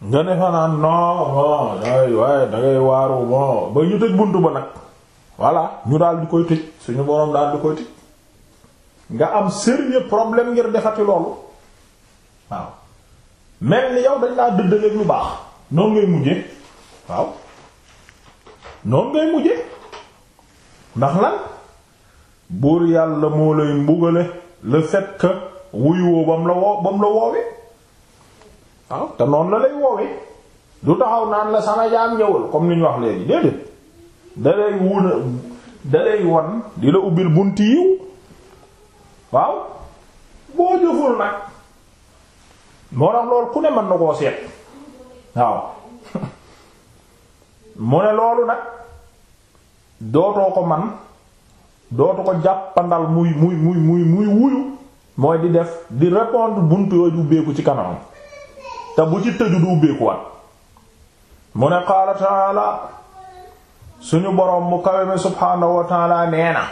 nga ne fa naan non bon waaye da ngay waaru bon ba ñu tëj buntu ba nag voilà ñu daal di koy tëj suñu borom daal di koy tëj nga am sérieux problème ngir defati loolu waaw mel ni yow dañ laa dëddaleeg lu baax noonu ngay mujjee waaw noonu ngay mujjee ndax lan buur yàlla moo lay mbugale le fait wuyu woo ba la woo ba la woowee. waaw te noonu la lay woowee du taxaw naan la sama jaam ñëwal comme ni ñu wax léegi déedéet da lay wuna da wan di la ubbil bunt yiw waaw boo jëful nag moo tax loolu ku ne mën na koo seet waaw mu ne loolu nag dootoo ko man dootu ko jàppandal muy muy muy muy wuyu mooy di def di répondre bunt yooyu ubbeeku ci kanamam te bu ci tëju du ubbeekuwaat mu ne qaala taala suñu boroom mu kawe mi subhaanahu wa taala nee na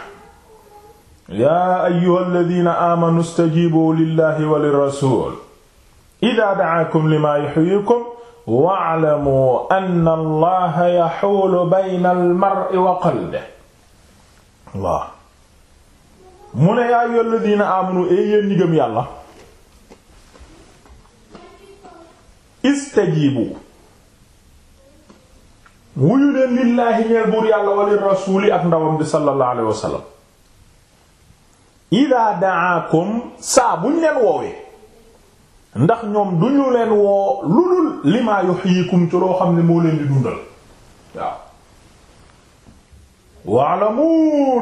yaa ayyuha alladina aamanu stajibu lillahi wa lirrasul ida daakum lima yuxyikum wa'lamu anna allaha yaxuulu bayna almar'i wa qalbihi Allah mu ne yaa ayyuha alladina aamanu e yéen ñi gëm yàlla istajibu wuyu leen lillaahi ñeel buur yàlla wali rasuuli ak ndawam bi sallallahu alayhi wasallam ida daakum saa buñ leen woowee ndax ñoom duñu leen woo lulul lima yuhyikum ci loo xam ne moo leen di dundal waaw waalamu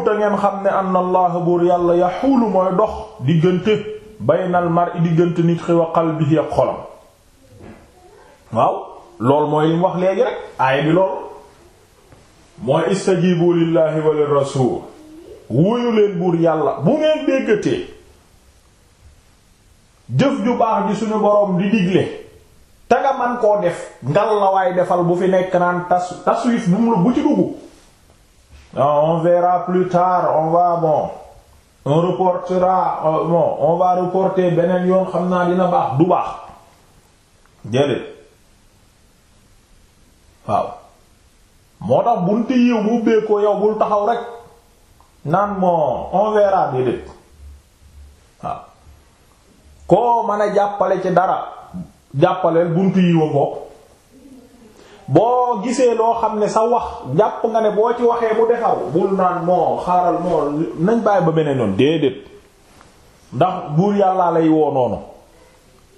te ngeen xam ne anna allah buur yàlla yaxuulu mooy dox diggante baynal mar'i diggante nit xi wa qalbihi ak xolam waaw loolu mooy li wax léegi rek aaya bi loolu mooy istajibu lillahi wa lirrasul wuyu leen buur yàlla bu ngeen déggatee jëf ju baax ji suñu boroom di digle te nga man koo def ngal la waay defal bu fi nekk naan tas taswif bu mu la bu ci duggu on verra plus tard on va bon euh, reporter beneen yoon xam naa dina baax du baax jëlee waaw moo tax bunte yiw bu ubbeekoo yow bul taxaw rek naan moo on verra déedéet waaw koo mën a jàppale ci dara jàppaleel buntu yiwa ngoog boo gisee loo xam ne sa wax jàpp nga ne boo ci waxee mu defaw bul naan moo xaaral moo nañ bàyyi ba beneen yoon déedéet ndax buur yàlla lay woo noonu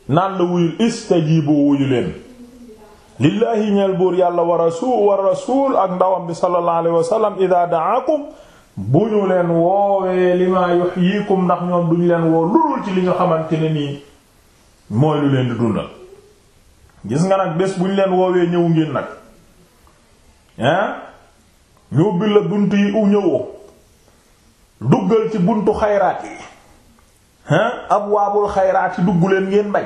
naan la wuyul istajibu wuyu leen lillaahi ñeel buur yàlla wa rasul wa ak ndawam bi sallallahu alayhi wa sallam ida daakum bu ñu leen woowee lima yuhyikum ndax ñoom duñu leen woo lulul ci li nga xamante ne nii mooy lu leen di dundal gis nga nag bés bu ñu leen woowee ñëw ngeen nag ah ñu ubbi la bunt yi u ñëwoo duggal ci buntu xayraat yi ah abwaabul xayraat yi dugg leen ngeen bay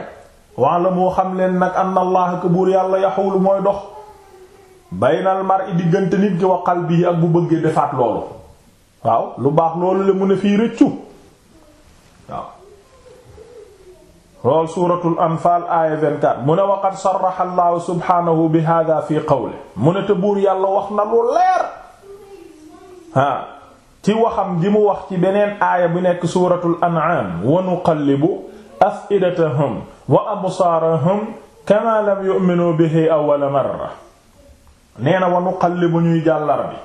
waa la moo xam leen nag anna allah ko buur yàlla yaxuwlu mooy dox baynal mar'i diggante nit ki wa qalbi ak bu bëggee defaat loolu waaw lu baax loolu la mu ne fii rëccu waaw lool suuratul anfaal aaya 24 mu ne waqad sarraxa allahu subhaanahu bi hada fi qawle mu ne te buur yàlla wax na lu leer ci waxam gi mu wax ci beneen aaya bu nekk suuratul an'aam wa nuqallibu afidatahum wa absaarahum kama lam yu'minu bihi awwala marra nee na wa nuqallibu ñuy jàllar bi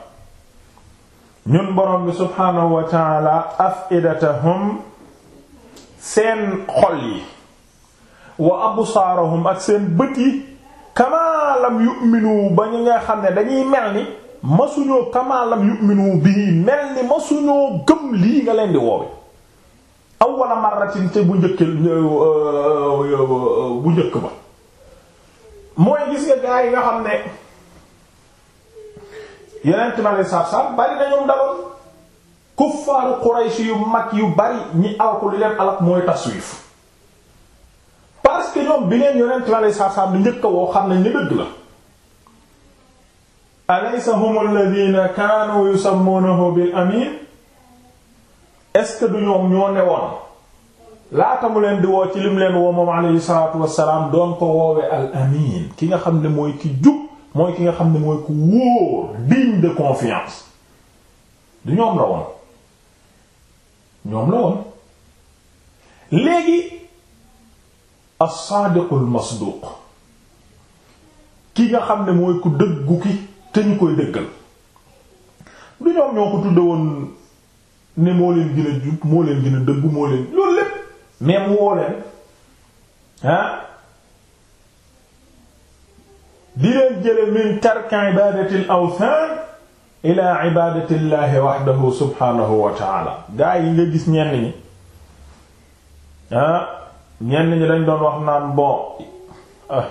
ñun borom bi subhaanahu wa taala afidatahum seen xol yi wa absaarahum ak seen bët yi kama lam yu'minu ba ñu nga xam ne dañuy mel ni masuñoo kama lam yu'minu bihi mel ni masuñoo gëm lii nga leen di woowe awwala marratin te bu njëkk euh, euh, euh, bu njëkk ba mooy gis nga gaa yi nga xam ne yeneen ma ne saab bari na ñoom daloon kuffaaru Quraysh yu mag yu bari ñi alku li leen alak mooy taswif parce que ñoom bi neen yonent ma lay saab-saab njëkk woo xam ne ñu la alaysa hum alladhina kanu yusammunahu bil amin est-ce que du ñoom ñoo ne woon laata mu leen di woo ci lim leen woo moom alayhi salaatu doon ko woowe al ki nga xam ne mooy ki jub mooy ki nga xam ne mooy ku wóor digne confiance du ñoom la woon ñoom la woon léegi as-saadiqul masduq ki nga xam ne mooy ku dëggu ki te ñu koy dëggal du ñoom ñoo ko tudde woon ne moo leen gën a moo leen gën a moo leen loolu lépp mais woo leen ah di leen jële min tarka ibadati l awthan ila ibadati llahi wahdahu subhanahu wa taala gaa yi nga gis ñenn ñi ah ñenn ñi dañ doon wax naan bon ah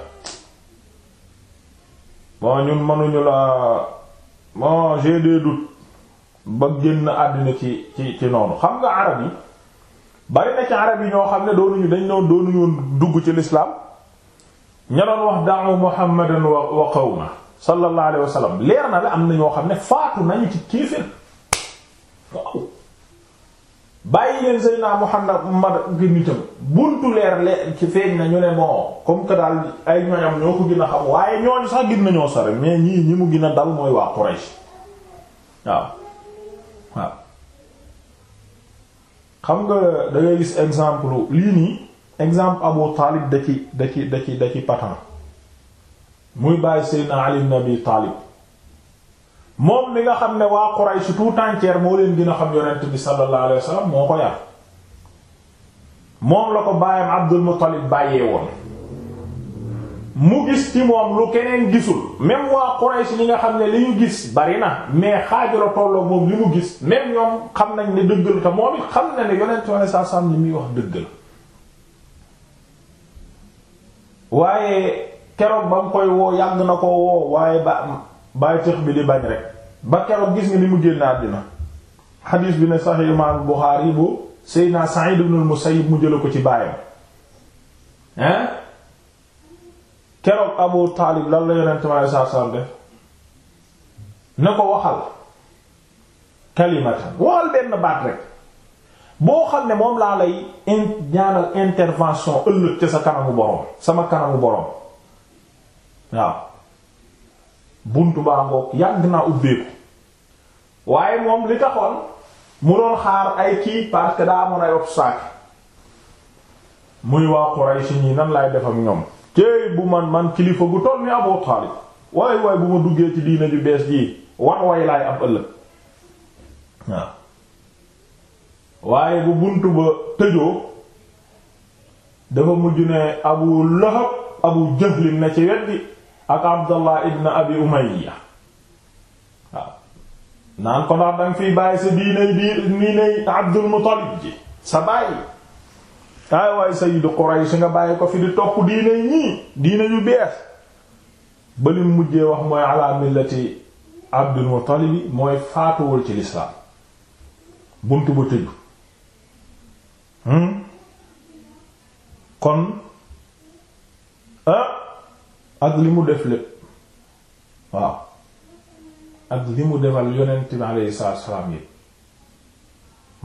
ñun mënuñu la bon j'ai des ba génn àddina ci ci ci noonu xam nga arab yi bari ci arab yi ñoo xam ne doonuñu dañ doon doonuñu dugg ci lislaam ña wax da'u muhammadan wa qawma sallallahu alayhi wa sallam leer na la am na ñoo xam ne faatu nañu ci kéefër waaw bàyyi leen Seydina Muhammad gi nitam buntu leer leer ci feeñ na ñu ne moo comme que daal ay ñoñam ñoo ko gën a xam waaye ñooñu sax gën nañoo sore mais ñii ñi mu gina dal mooy waa Quraysh waaw xam nga dangay gis exemple lii nii exemple Abu Taalib da ci da ci da ci da ci patan muy bàyyi Seydina Ali ibn Abi moom li nga xam ne waa Quraysh tout entière moo leen gën xam yonent bi sallallahu alayhi wasallam moo ko yar moom la ko baayam Abdul Muttalib bàyyee woon mu gis ci moom lu keneen gisul même waa Quraysh li nga xam ne li ñu gis bari na mais xaaju la tolloo moom li mu gis même ñoom xam nañ ne dëgg la te moom it xam na ne yonent sallallahu alayhi wasallam li muy wax dëgg la waaye keroog ba mu koy woo yàgg na ko woo waaye ba bàyyi tëx bi di bañ rek ba keroog gis nga ni mu génn àddina xadiis bi ne Sahih Imam Bukhari bu Seydina Sa'id ibn al-Musayyib mu jëla ko ci baayam hein keroog Abu Taalib lan la yonent mi alayhi salaatu def na ko waxal kalimatan waxal benn baat rek boo xam ne moom laa lay in ñaanal intervention ëllëg ca sa kanamu boroom sama kanamu borom waaw buntu baa ngoog yàgg naa ubbeeku waaye moom li taxoon mu doon xaar ay kii parce que daa amoon ay obstacle muy waa Quraysh ñi nan laay def ñoom céey bu man man kilifa gu toll ni Abu Taalib waay waay bu ma duggee ci diina ju bees jii wan way laay ab ëllëg waaw waaye bu bunt ba tëjoo dafa mujj ne Abu Lahab Abu Jahl na ci weddi ak Abdallah ibn Abi Umayya waaw naan ko ndax danga fiy bàyyi sa diinay diinay Abdul Muttalib ji sa bàyyi ay waay sayyidu Quraysh nga bàyyi ko fi di topp diine ñii diine yu bees ba mujjee wax mooy ala millati Abdul Muttalib mooy faatuwul ci lislaam bunt ba tëju hmm? kon ah, ak li mu def lépp waaw ak li mu defal yonent bi alayhi wa salaam yi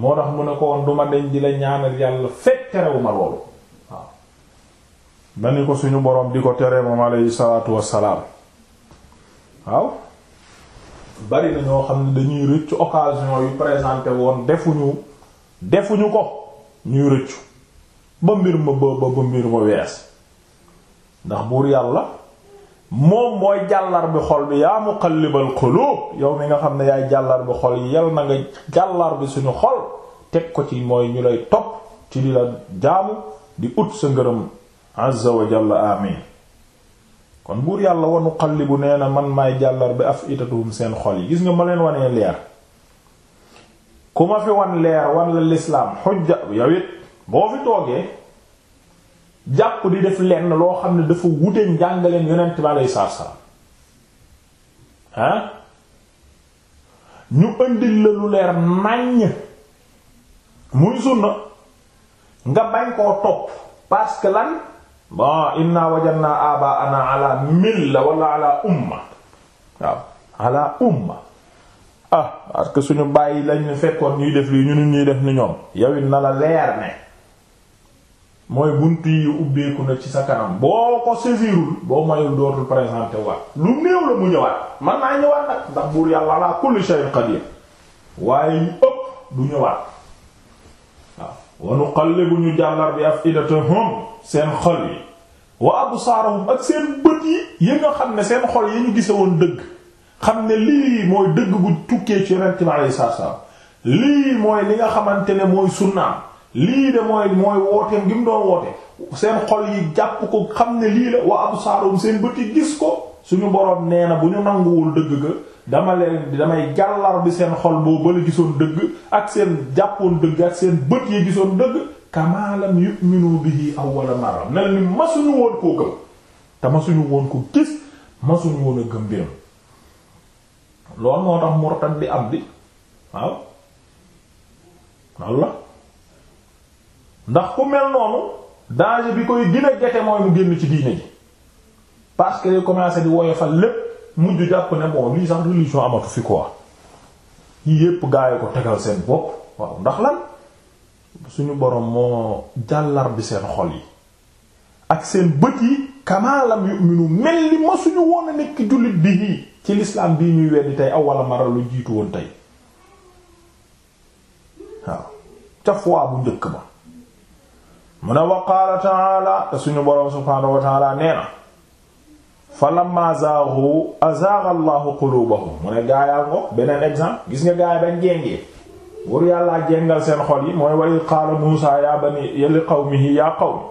moo tax mu ne ko woon duma deñ di la ñaanal yàlla fekk terewuma loolu waaw dani ko suñu boroom di ko tere moom alayhi salaatu wassalaam waaw bari na ñoo xam ne dañuy rëccu occasion yu présenté woon defuñu defuñu ko ñuy rëccu ba mbir ma ba ba mbir ma wees ndax buur yàlla moom mooy jàllar bi xol bi yaa muqallibal qulub yow mi nga xam ne yaay jàllar bi xol yi yal na nga jàllar bi suñu xol teg ko ci mooy ñu lay topp ci di la jaamu di ut sa ngërëm azza wa kon buur yàlla wanu xallibu nee na man maay jàllar bi af itatuhum seen xol yi gis nga ma leen wanee leer ku ma fi wan leer wan la lislaam xujja yow it boo fi toogee jàpp di def lenn loo xam ne dafa wute njàngaleen yonent bi aleyhi salaatu salaam ah ñu indil la lu leer naññ muy sunna nga bañ koo topp parce lan bon inna wajadna abaana ala milla wala ala umma waaw ala umma ah parce suñu bàyyi lañ fekkoon ñuy def lii ñu nit ñuy def ni ñoom yawit na la leer ne mooy bunt yi ubbeeku na ci sa kanam boo ko saisirul boo mayul dootul présenté waat lu néew la mu ñëwaat man naa ñëwaat nag ndax buur yàlla laa kulli shay'in qadir waaye ñu ëpp du ñëwaat waaw wa nuqallibu ñu seen xol yi wa absaarahum ak seen bët yi yi nga xam ne seen xol yi ñu gise woon dëgg xam ne lii mooy dëgg gu tukkee ci yonent bi alayhi salaam lii mooy li nga xamante ne mooy sunnaam lii de mooy mooy wooteem gi mu doon woote seen xol yi jàpp ko xam ne lii la wa absaarum seen bëti gis ko suñu boroom nee na bu ñu nanguwul dëgg ga dama leen damay jàllar bi seen xol boo bala dëgg ak seen jàppoon dëgg ak seen bët yi gisoon dëgg kamaalam yu'minu bihi woon koo gëm te masuñu woon ko gis masuñu woon a gëm biram loolu moo tax murtad bi am bi waaw walla ndax ku mel noonu danger bi koy gën a gete mooy mu génn ci diine ji parce que day commencé di woyofal lépp mujj jàpp ne bon lii sax religion amatu fi quoi yii yépp gaa yi ko tegal seen bopp waaw ndax lan suñu borom moo jàllar bi seen xol yi ak seen bët yi kamaalam yu'minu mel li ma suñu woon a nekk jullit bi ci l'islam bii ñuy weddi tey awala mara lu jiitu woon tey waaw ca fois bu njëkk ba mu ne wa qaala taala te suñu boroom subhaanahu wa taala nee na fa lamma zaaxu azaaxa allahu quluubahum mu ne gaayaal ko beneen exemple gis nga gaay bañ jéngee wur yàllaa jéngal seen xol yi mooy wa iz qaala muusaa yaa bani li qawmihi yaa qawmi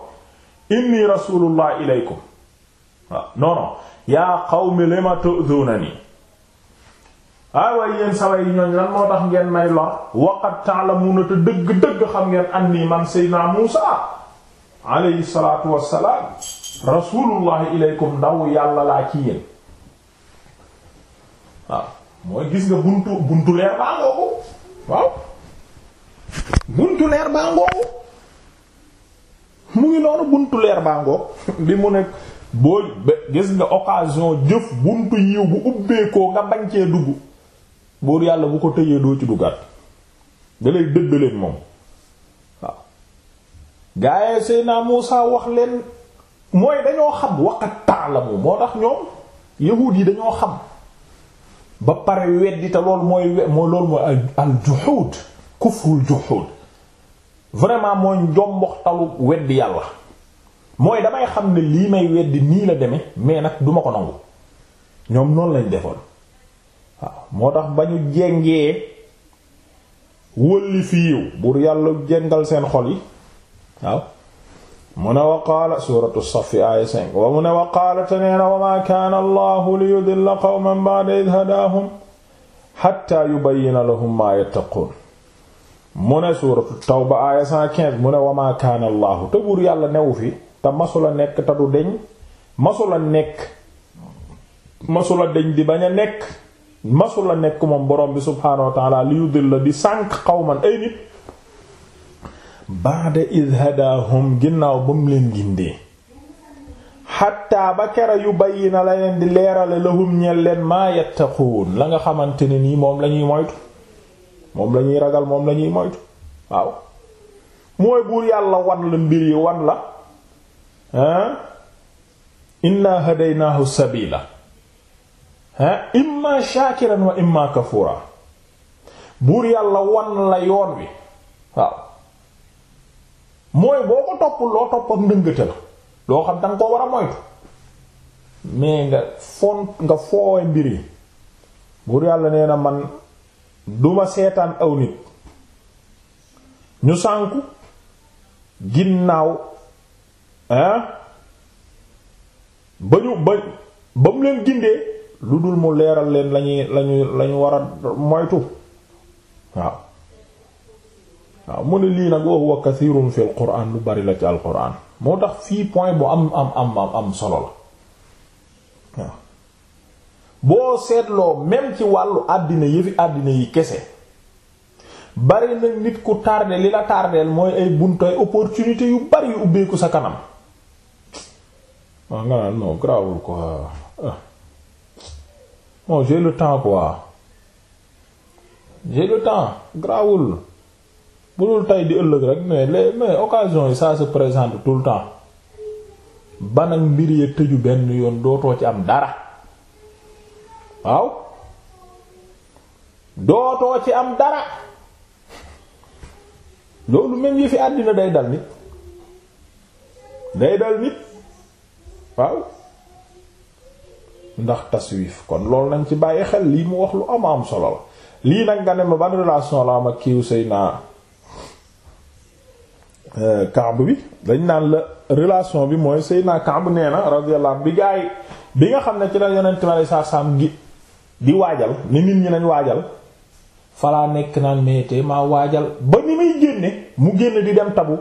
inni rasuulullah ilaykum waaw non non yaa qawmi lima tu'dunani ah waaye yéen saa yi ñooñ lan moo tax ngeen may lor waqad ta'lamuna te dëgg-dëgg xam ngeen anni man sayyidina Muusaa alayhi salaatu wassalaam rasuulullahi ilaykum ndaw yàlla laa ci yéen waaw mooy gis nga buntu buntu leer baa ngoogu mu ngi noonu buntu leer baa ngoog bi mu nekk boo gis nga occasion jëf buntu yiw bu ubbeekoo nga bañ cee dugg buur yàlla bu ko tëjee doo ci duggaat da lay dëddaleek moom gaa yi Seydina Muusa wax leen mooy dañoo xam waqat ta'lamu moo tax ñoom yahuud yi dañoo xam ba pare weddi te loolu mooy mooy loolu mooy al juhuud kufrul juhuud vraiment mooy njomboxtalu weddi yàlla mooy damay xam ne lii may weddi nii la deme mais nag duma ko nangu ñoom noonu lañ defoon waaw moo tax ba ñu jéngee wëlli fi yiw buur yàlla jéngal seen xol yi waaw mu ne wa qaala suratu safi aaya 5 wa mu ne wa te nee wa maa kaana allahu li yudilla qawman ba'da id hadaahum xatta yubayyina lahum maa yattaquun mu ne suuratu tawba aaya 115 mu ne wa maa kaana allahu te buur yàlla newu fi te masula nekk te du deñ masula nekk masula deñ di bañ a nekk masula nekk moom borom bi subhaanahu wa ta'aala li yudilla di sànq qawman ay nit baada id ginnaaw ba mu leen gindee xattaa ba kera yu bayyina la leen di leerale lahum ñel leen maa yattaquun la nga xamante ne nii moom lañuy moytu moom lañuy ragal moom lañuy moytu waaw mooy buur yàlla wan la mbir yi wan la hein inna hadaynaahu sabila hein imma shaakiran wa imma kafura buur yàlla wan la yoon wi mooy boo ko toppul loo topp ak ndëngate la loo xam danga ko war a moytu mais nga fon nga foowe mbir yi buur yàlla nee na man duma seetaan aw nit ñu sànku ginnaaw hein ba ñu ba ba mu leen gindee lu dul mu leeral leen lañuy lañuy lañu war moytu waaw waaw mu ne lii nag wa huwa kathirun fil qur'an lu bari la ci al moo tax fii point bu am am am am solo la waaw boo seetloo même ci wàllu àddina yëfi àddina yi kese bari na nit ku tardé li la tardeel mooy ay buntoy opportunité yu bari yu ubbeeku sa kanam waaw nga naan non grawul quoi ah. non j'ai le le temps grawul bu dul tey di ëllëg rek mais les mais occasion yi ça se présente tout le temps ba nag mbir ya tëju benn yoon dootoo ci am dara waaw dootoo ci am dara loolu mel yi fi àddina day dal nit day dal nit waaw ndax taswif kon loolu nañ ci bàyyi xel lii mu wax lu am am solo la lii nag nga ne ma ban relation la am ak kiiw sëy naa Euh, Kaab bi dañ naan la relation bi mooy Seydina Kaab nee na radiyallahu anhu bi gaa yi bi nga xam ne ci la yonent mi saa saam gi di waajal ni nit ñi nañ waajal falaa nekk naan meete maa waajal ba ni muy génne mu génn di dem tabu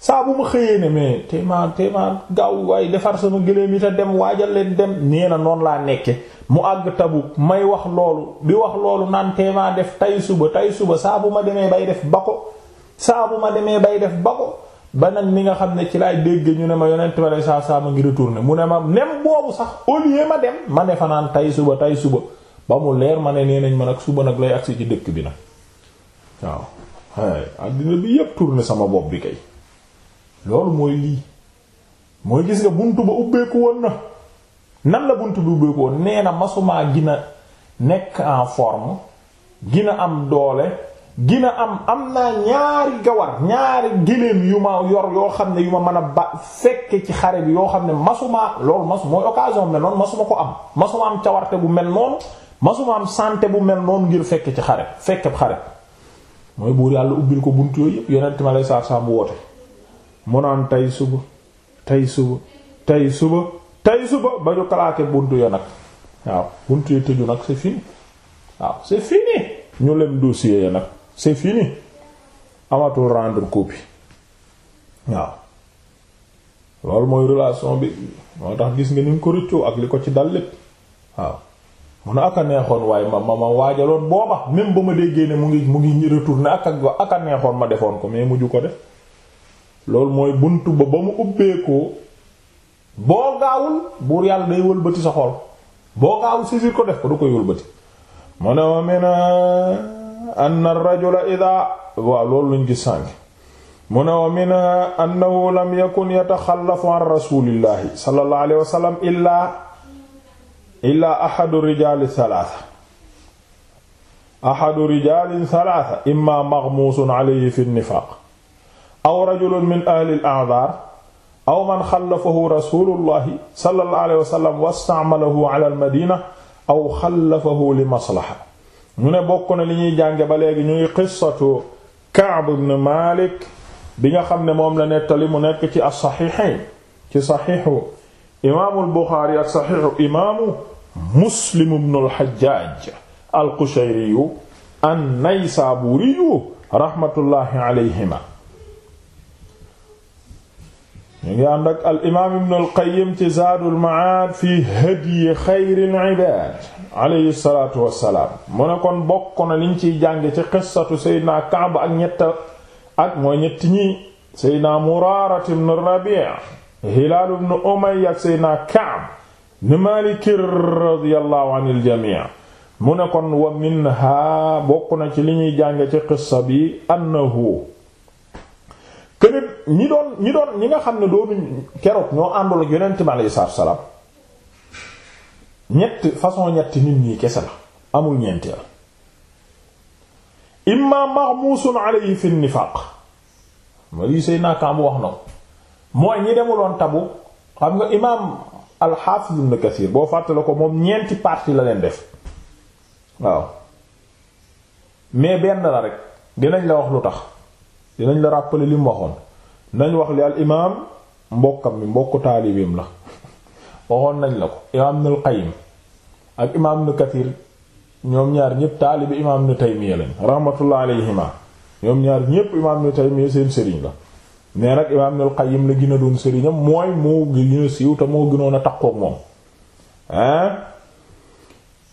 saa bu ma xëyee ne mais te ma te ma gaaw waaye defar sama gëléem yi te dem waajal leen dem nee na noonu laa nekke mu àgg tabu may wax loolu bi wax loolu naan te ma def tay suba tay suba saabu ma demee bay def ba ko saa bu ma demee bay def ba ko ba nag ni nga xam ne ci laay dégg ñu ne ma yonent ba saa saa ma ngi retourné mu ne ma nem boobu sax au lieu ma dem ma ne fanaan tay suba tay suba ba mu leer ma ne nee nañ ma nag suba nag lay agsi ci dëkk bi nag waaw ay àddina bi yépp tourné sama bopp bi kay loolu mooy lii mooy gis nga bunt ba ubbeeku woon na nan la bunt bi ubbeeku woon nee na masumaa gina nekk en forme gina am doole dina am am naa ñaari gawar ñaari géléem yu ma yor yoo xam ne yu ma mën a ba fekke ci xare bi yoo xam ne masuma loolu masu mooy occasion mel noonu masuma ko am masuma am bu mel noonu masuma am santé bu mel noonu ngir fekke ci xare fekke xare mooy buur yàlla ubbil ko bunt yooyu yëpp yonent ma lay saar saam woote mu naan tey suba tey suba tey suba tey suba ba ñu kalaate bunt ya nag waaw bunt ya tëju nag c'est fini waaw c'est fini ñu lem dossier ya nag c'est fini amatul rendre copie waaw loolu mooy relation bi moo tax gis nga ni nga ko rëccoo ak li ko ci dal lépp waaw mun a aka neexoon waaye ma ma waajaloon booba même ba ma déggee ne mu ngi mu ngi retourné ak ak aka neexoon ma defoon ko mais mujju ko def loolu mooy bunt ba ba mu ubbeekoo boo gaawul buur yàlla day wëlbati sa xol boo gaawul saisir ko def ko du koy wëlbati mu ne ma anna ar-rajula idha waaw loolu luñ gis sànk mu ne wa minha annahu lam yakun yataxallafu an rasulillahi sallallahu alayhi wa sallam illaa illaa ahadu rijaali salaasa ahadu rijalin salaasa imma maghmuusun alayhi fi nnifaaq aw rajulun min ahli al-a'dhaar aw man xallafahu rasulullahi sallallahu alayhi wa sallam wa ista'malahu ala al-madiina aw xallafahu li maslaha mu ne bokk na li ñuy jànge ba léegi ñuy qissatu Ka'b ibn Malik bi nga xam ne moom la nettali mu nekk ci as-saxiixayn ci saxiixu imaamul Buxaari ak saxiixu imaamu Muslim ibn al-Hajjaaj al-Qushayri an-Naysaburi rahmatullahi ñu ngi ànd ak al ibn al ci zaadul ma'aad fi hadyi xayril ibaad alayhi salaatu wassalaam kon bokk na liñ ciy jàng ci qissatu seydina Kaab ak ñetta ak moo ñetti ñi seydina Muraarat ibn Rabii' Hilaal ibn Umayya ak seydina Kaab ibn Maalik radiyallahu anil jamii' mu ne kon wa minha bokk na ci li ñuy jàng ci qissa bi annahu kënit ñi doon ñi doon ñi nga xam ne doonuñ keroog ñoo àndul ak yonent mi aleyhi salaatu salaam ñett façon ñett nit ñi kese la amul ñeenteel imma mahmuusun alayhi fi nifaaq ma lii say naakaam wax na ko mooy ñi demuloon tabu xam nga imaam alxaafiz ibn Kasiir boo fàttale ko moom ñeenti parti la leen def waaw mais benn la rek dinañ la wax lu tax dinañ la rappeler li mu waxoon nañ wax li al imaam mbokkam mi mbokku taalibeem la waxoon nañ la ko imaam Ibnul Qayyim ak imaam Ibnu Kathir ñoom ñaar ñépp taalibe imaam Ibnu Taymiyya lañ rahmatullah alayhima ñoom ñaar ñépp imaam Ibnu Taymiyya seen sëriñ la nee nag imaam Ibnul Qayyim la gën a doon sëriñam mooy moo gën a siiw te moo gënoon a takkook moom hein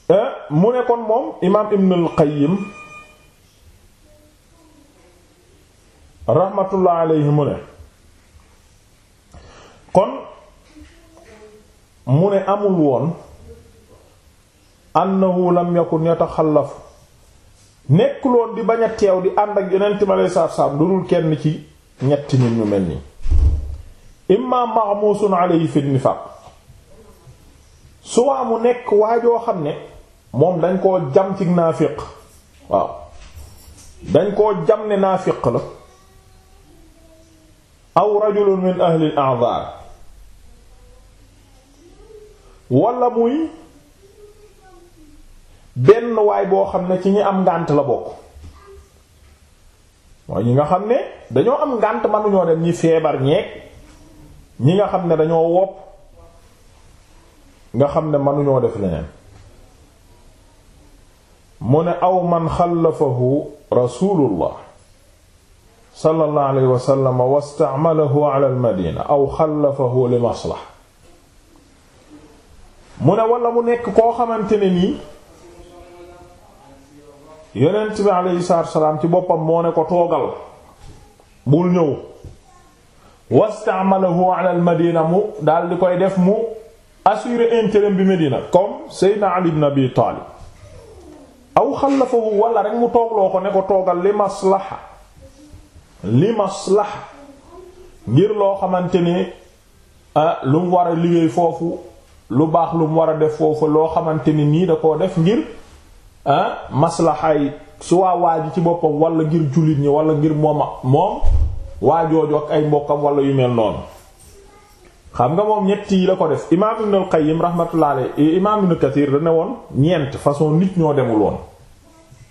eh? mu ne moom imaam Ibnul Qayyim rahmatullah alayhi mu ne kon mu ne amul woon annahu lam yakun yataxallafu nekkuloon di bañ a teew di ànd ak yonent mi aleyhi salaatu salaam lu dul kenn ci ñetti nit ñu mel nii imma maxmuusun alayhi fi nifaaq su waa mu nekk waajoo xam ne moom dañ koo jam ci naafiq waaw dañ koo jam ne naafiq la aw rajulun min ahli al-a'dhar wala muy benn waay boo xam ne ci ñi am ngànt la bokk mooy ñi nga xam ne dañoo am ngànt mënuñoo dem ñi feebar ñeeg ñi nga xam ne dañoo wopp nga xam ne mënuñoo def leneen mu ne aw man xalafahu rasulullah sallallahu alayhi wa sallam wasta'malahu ala al-madina mu ne wala mu nekk koo xamante ne nii yonent bi alayhi salaatu ci boppam moo ne ko toogal bul ñëw wasta'malahu ala al-madina mu daal di koy def mu assurer intérim bi Medina comme Seydina Ali ibn Abi Taalib aw xallafahu wala rek mu toogloo ko ne ko toogal li maslaha li maslaha ngir loo xamante ni ah, lu mu war a liggéey foofu lu baax lu mu war a def foofu loo xamante ni nii da koo def ngir ah, maslahaay su waa waa ji ci boppam walla ngir jullit ñi wala ngir moom moom waa jooju ak ay mbokkam wala yu mel noonu xam nga moom ñett yi la ko def imaam ibn al-Qayyim rahmatullah alayhi imaam ibn Kathir da woon ñeent façon nit ñoo demul woon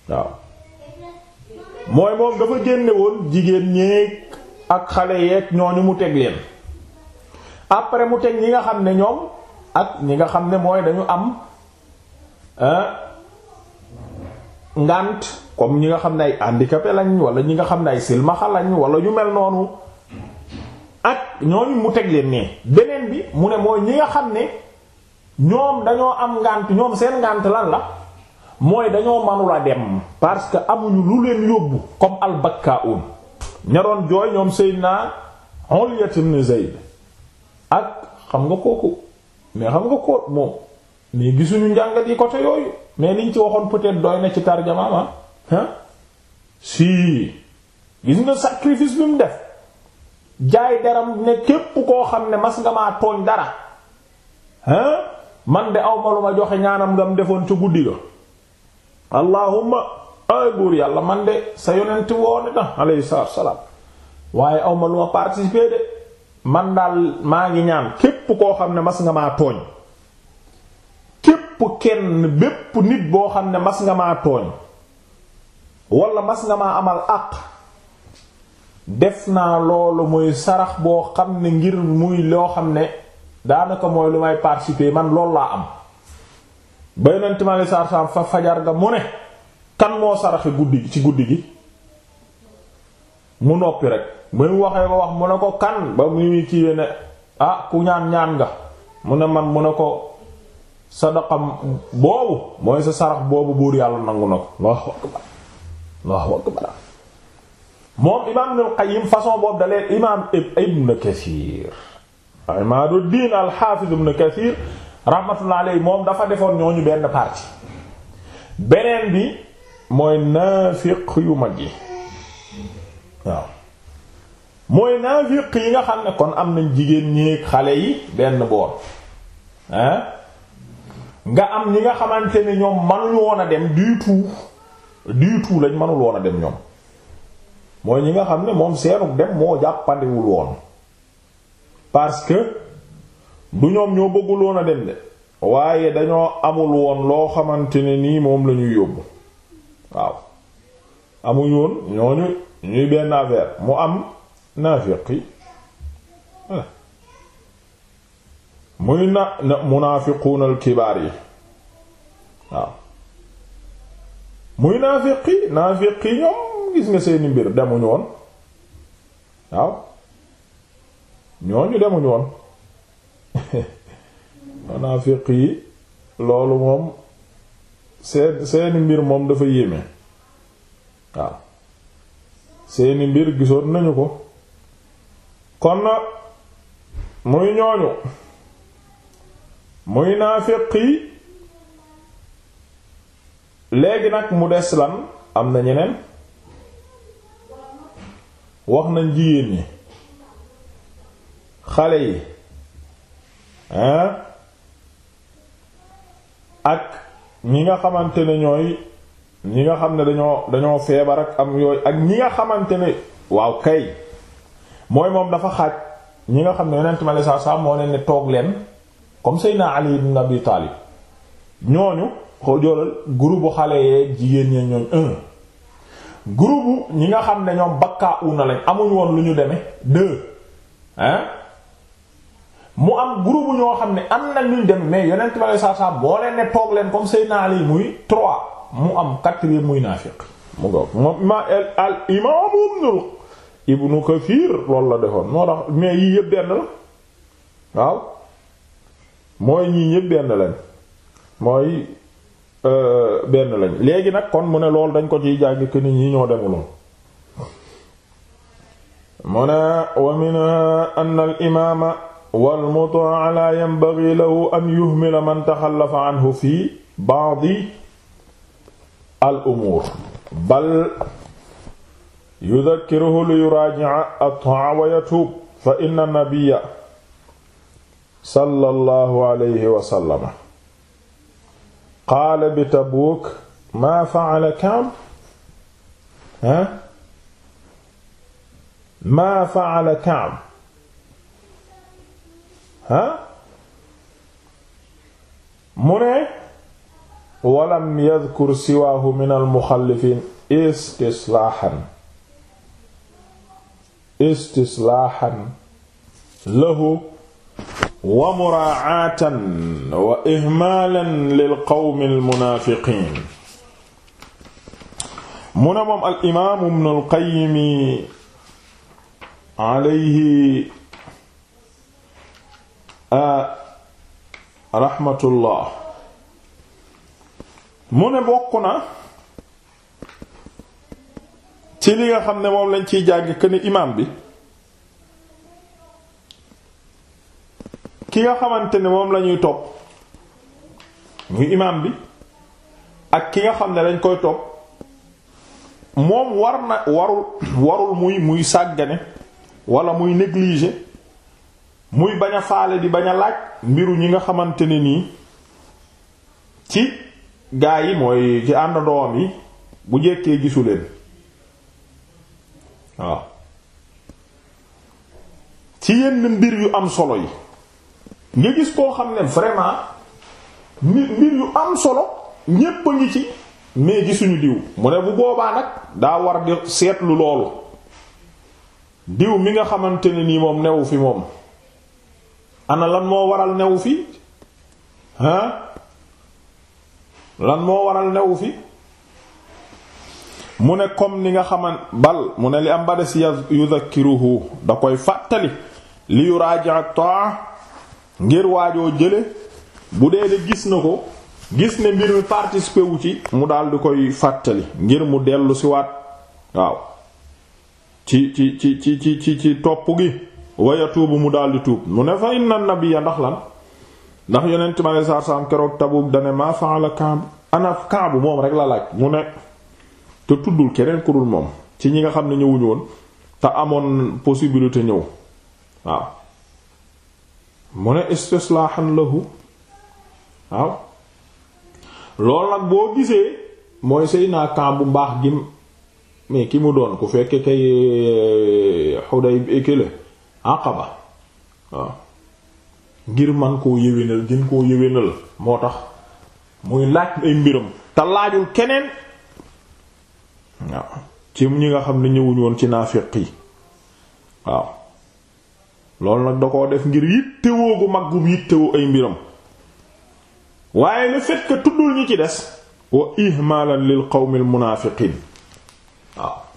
waaw mooy moom dama génne woon jigéen ñeeg ak xale yeeg ñooñu mu teg leen après mu teg ñi nga xam ne ñoom ak ñi nga xam ne mooy dañu am ngànt comme ñi nga xam ne ay handicapé lañ wala ñi nga xam ne ay silmaxa lañ wala ñu mel noonu ak ñooñu mu teg leen ne beneen bi mu ne mooy ñi nga xam ne ñoom dañoo am ngànt ñoom seen ngànt lan la mooy dañoo manula dem parce que amuñu lu leen yóbbu comme albakkaun ñaroon jooy ñoom Seydina Ulyat ibn Zayd ak xam nga kooku mais xam nga ko moom mais gisuñu njàngat yi côté yooyu mais niñ ci waxoon peut-être doy na ci tarjamaama ah si gis nga sacrifice bi def jaay deram ne képp koo xam ne mas nga maa tooñ dara ah man de aw ma lu ma joxe ñaanam ngam defoon ca guddi ga allahumma ay buur yàlla man de sa yonent woon na alayhi salaatu salaam waaye awma lu ma participer de man daal maa ngi ñaan képp koo xam ne mas nga maa tooñ képp kenn bépp nit boo xam ne mas nga maa tooñ wala mas nga maa amal àq def naa loolu muy sarax boo xam ne ngir muy loo xam ne daanaka mooy lu may participer man loolu laa am ba yonent ma saar fa fajar ga mu ne kan moo saraxe guddi ci guddi gi mu noppi rek ba mu waxee ko wax mu ne ko kan ba muy kiiwee ne ah ku ñaan ñaan nga mu ne man mu ne ko sadaqam boobu mooy sa sarax boobu buur yàlla nangu na ko Allahu akbar Allahu akbar moom imaam Ibnul Qayyim façon boobu dalee imaam Ibn Kathir Imaaduddin al-Hafiz Ibn Kathir rahmatullahi alayhi moom dafa defoon ñooñu benn partie beneen bi mooy naafiq yu mag yi waaw mooy naafiq yi nga xam ne kon am nañ jigéen ñéeg xale yi benn boor hein nga am ñi nga xamante ne ñoom manuñu woon a dem du tout du tout lañ manul woon a dem ñoom mooy ñi nga xam ne moom seenu dem moo jàppandiwul woon parce que du ñoom ñoo bëgguloon dem de waaye dañoo amul woon loo xamante ni nii moom lañuy ñuy yóbbu waaw amuñ woon ñooñu ñuy benn affaire mu am naafiq yi muy na munaafiquun alkibaar yi waaw muy naafiq yi naafiq yi ñoom gis nga seeni mbir demuñ woon waaw ñooñu demuñ woon munaafiq yi loolu moom seen seeni mbir moom dafa yéeme waaw seeni mbir gisoon nañu ko kon na muy ñooñu muy naafiq yi léegi nag mu des lan am na ñeneen wax na jigéen yi xale yi ak ñi nga xamante ne ñooy ñi nga xam ne dañoo dañoo feebar ak am yooyu ak ñi nga xamante ne waaw kay mooy moom dafa xaaj ñi nga xam ne yonent mi saa saa moo ne ne toog leen comme Seydina Ali ibn Abi Taalib ñooñu xoo joolal xale yee jigéen ñee ñooñ un ñi nga xam ne ñoom bakkaa una lañ amuñ woon lu ñu demee deux hein mu am groupe ñoo xam ne am na ñu dem mais yonent bi saa saa boo leen ne toog leen comme Seydina Ali muy trois mu am quatrième muy naafiq mu nga moom al imaam ibnu ibnu Kathir loolu la defoon moo tax mais la euh, léegi nag kon mu ne loolu dañ ko ciy jàgg que ni ñi ñoo al imaama wal mutaa laa yanbaghi lahu an yuhmila man taxallafa anhu fi ba'di al umuur bal yudhakkiruhu li yuraaji'a at-ta'a wa yatuub fa inna nabiyya sallallahu alayhi wa sallam qaala bi Tabuuk maa fa'ala Ka'b ha maa fa'ala Ka'b ah mu ne walam yadkur siwaahu min almuxallifin istislaaxan istislaaxan lahu wa muraacaatan wa ihmaalan lil qawmi almunaafiqiin mu ne moom al imaamu ibnul qayyim alayhi Ah, raxmatullah mu ne bokk na ci li nga xam ne moom lañ ciy jàgg këni imaam bi ki nga xamante ni moom lañuy ñuy topp muy imaam bi ak ki nga xam ne dañ koy topp moom war na warul warul muy muy sàggane walla muy négliger muy bañ a faale di bañ a laaj mbiru ñi nga xamante ne nii ci gaa yi mooy ci ànd doom yi bu jekkee gisu leen waaw ci yenn mbir yu am solo yi nga gis koo xam ne vraiment mbir yu am solo ñépp a ngi ci mais gisuñu diw mu ne bu boobaa nag daa war di seetlu loolu diw mi nga xamante ne nii moom newu fi moom ana lan moo waral newu fi ah lan moo waral newu fi mu ne comme ni nga xaman bal mu ne li am ba des yudhakkiruhu da koy fàttali li yuraaja taa ngir waajoo jële bu dee de gis na ko gis ne mbir mi participer ci mu dal di koy fàttali ngir mu dellu siwaat waaw ci ci ci ci ci ci topp gi wa yatuubu mu di tuub mu ne fa inna nabiyya ndax lan ndax yeneen ma ne saar saam keroog Tabuuk dane maa fa'ala Kaab ana Kaab moom rek la laaj mu ne te tuddul keneen ku moom ci ñi nga xam ne ñëwuñu woon te amoon possibilité ñëw waaw mu ne istislaahan lahu waaw loolu nag boo gisee mooy sëy naa Kaab bu mbaax gi mais ki mu doon ku fekke kay xuday kile aqaba ngir man koo yéwénal gën koo yéwénal moo tax muy laaj ay mbiram te keneen waaw ci ñi nga xam ne ñëwuñ woon ci naafiq waaw loolu nag da koo def ngir yittewoo gu mag gu yittewoo ay mbiram waaye lu fait tuddul ñi ci des wa ihmalan lil qawmil munaafiqiin waaw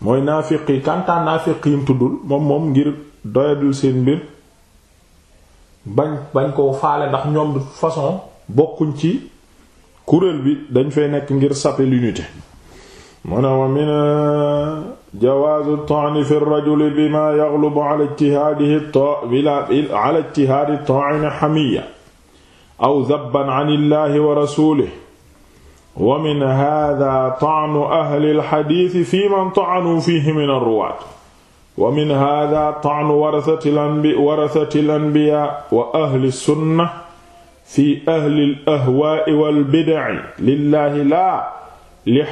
mooy naafiq yi kantaan naafiq yi mu tuddul moom moom ngir doyadul seen mbir bañ koo faale ndax ñoom de façon bokkuñ ci kuréel bi dañ fay nekk ngir saper l'unité mu ne wa min jawaazu at-ta'n fi ar-rajuli bima yaghlubu ala ijtihaadihi ala ijtihaadi at-ta'in aw zabban 'an Allahi wa rasuulihi wa min hada taanu ahli alxaditi fi man taanuu fihi min alruwaat wa min hada taanu warasati alanbiya wa ahli sunna fi ahli alahwaai walbidaci lillahi laa li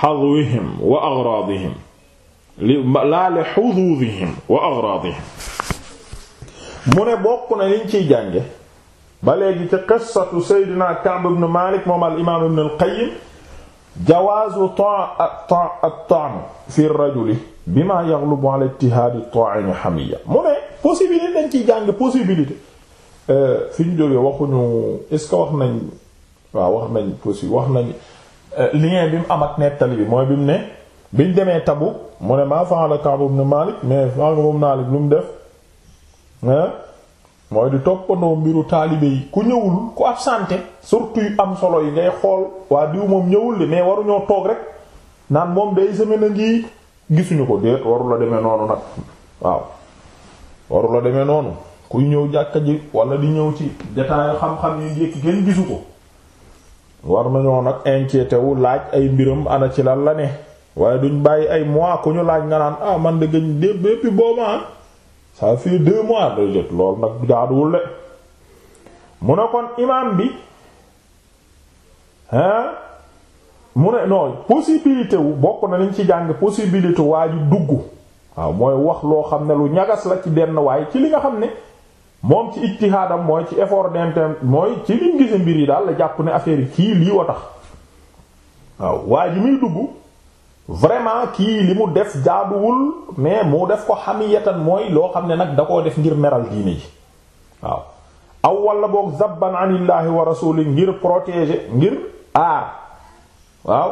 xadwihim wa agraadihim laa li xuduudihim wa agraadihim mu ne bokk na liñ ciy jànge ba léegi ci qissatu seydina Ka'b ibn Malik moom al imaam ibn al Qayyim jawaazu at-ta'n fi ar-rajuli bima yaghlubu ala ijtihaad at-ta'in hamiyya mu ne possibilité ne ciy jàng possibilité euh, fi ñu jógee waxuñu est wax nañ waaw wax nañ possible wax nañ euh, lien bi mu am nettali bi mooy bi mu ne biñ demee Tabuk mu ne maa fa'ala Ka'b ibn Malik mais fa'ala Malik lu mu def mooy di toppandoo mbiru taalibe yi ku ñëwul ku absenté surtout yu am solo yi ngay xool waa diw moom ñëwul li mais waruñoo toog rek naan moom day semaine a ngi gisuñu ko déet waru la demee noonu nag waaw waru la demee noonu kuy ñëw jàkka ji wala di ñëw ci détail xam-xam yi njëkk kenn gisu ko war nañoo nag inquiété laaj ay mbiram ana ci lan la ne waaye duñ bàyyi ay mois ku ñu laaj nga naan ah man de gëñ déppi booba ah. ça fait deux mois de jot loolu nag jaaduwul de mu ne kon imaam bi hein mu ne non possibilité wu bokk na liñ ci jàng possibilité waa ji dugg waaw mooy wax loo xam ne lu ñagas la ci benn waaye ci li nga xam ne moom ci ijtihaadam mooy ci effort d'inter mooy ci liñ gise mbir yi daal la jàpp ne affaire yi kii lii wa tax waaw waa muy dugg vraiment kii li mu def jaaduwul mais mu def ko xamiyatan mooy loo xam ne nag da koo def ngir meral diine ji waaw aw wala boog zabban anillaahi wa rasuli ngir protéger ngir aar waaw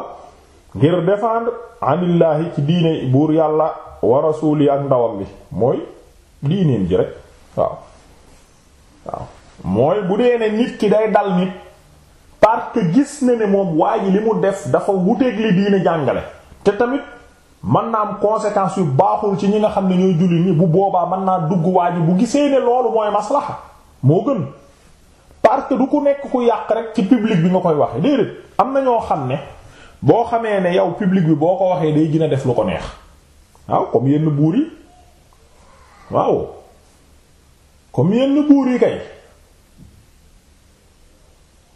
ngir défendre anillaahi ci diine buur yàlla wa rasuli ak ndawam bi mooy diineem ji rek waaw waaw mooy bu dee ne nit ki day dal nit parce gis na ne moom waa li mu def dafa wuteeg li diine jàngale te tamit mën na am conséquence yu baaxul ci ñi nga xam ne ñooy julli ni bu boobaa mën naa dugg waa bu gisee ne loolu mooy maslaxa moo gën parce du ku nekk ku yàq rek ci public bi nga koy waxe déedéet am na ñoo xam ne boo xamee ne yow public bi boo ko waxee day gën a def lu ko neex waaw comme yenn buur yi waaw comme yenn buur yi kay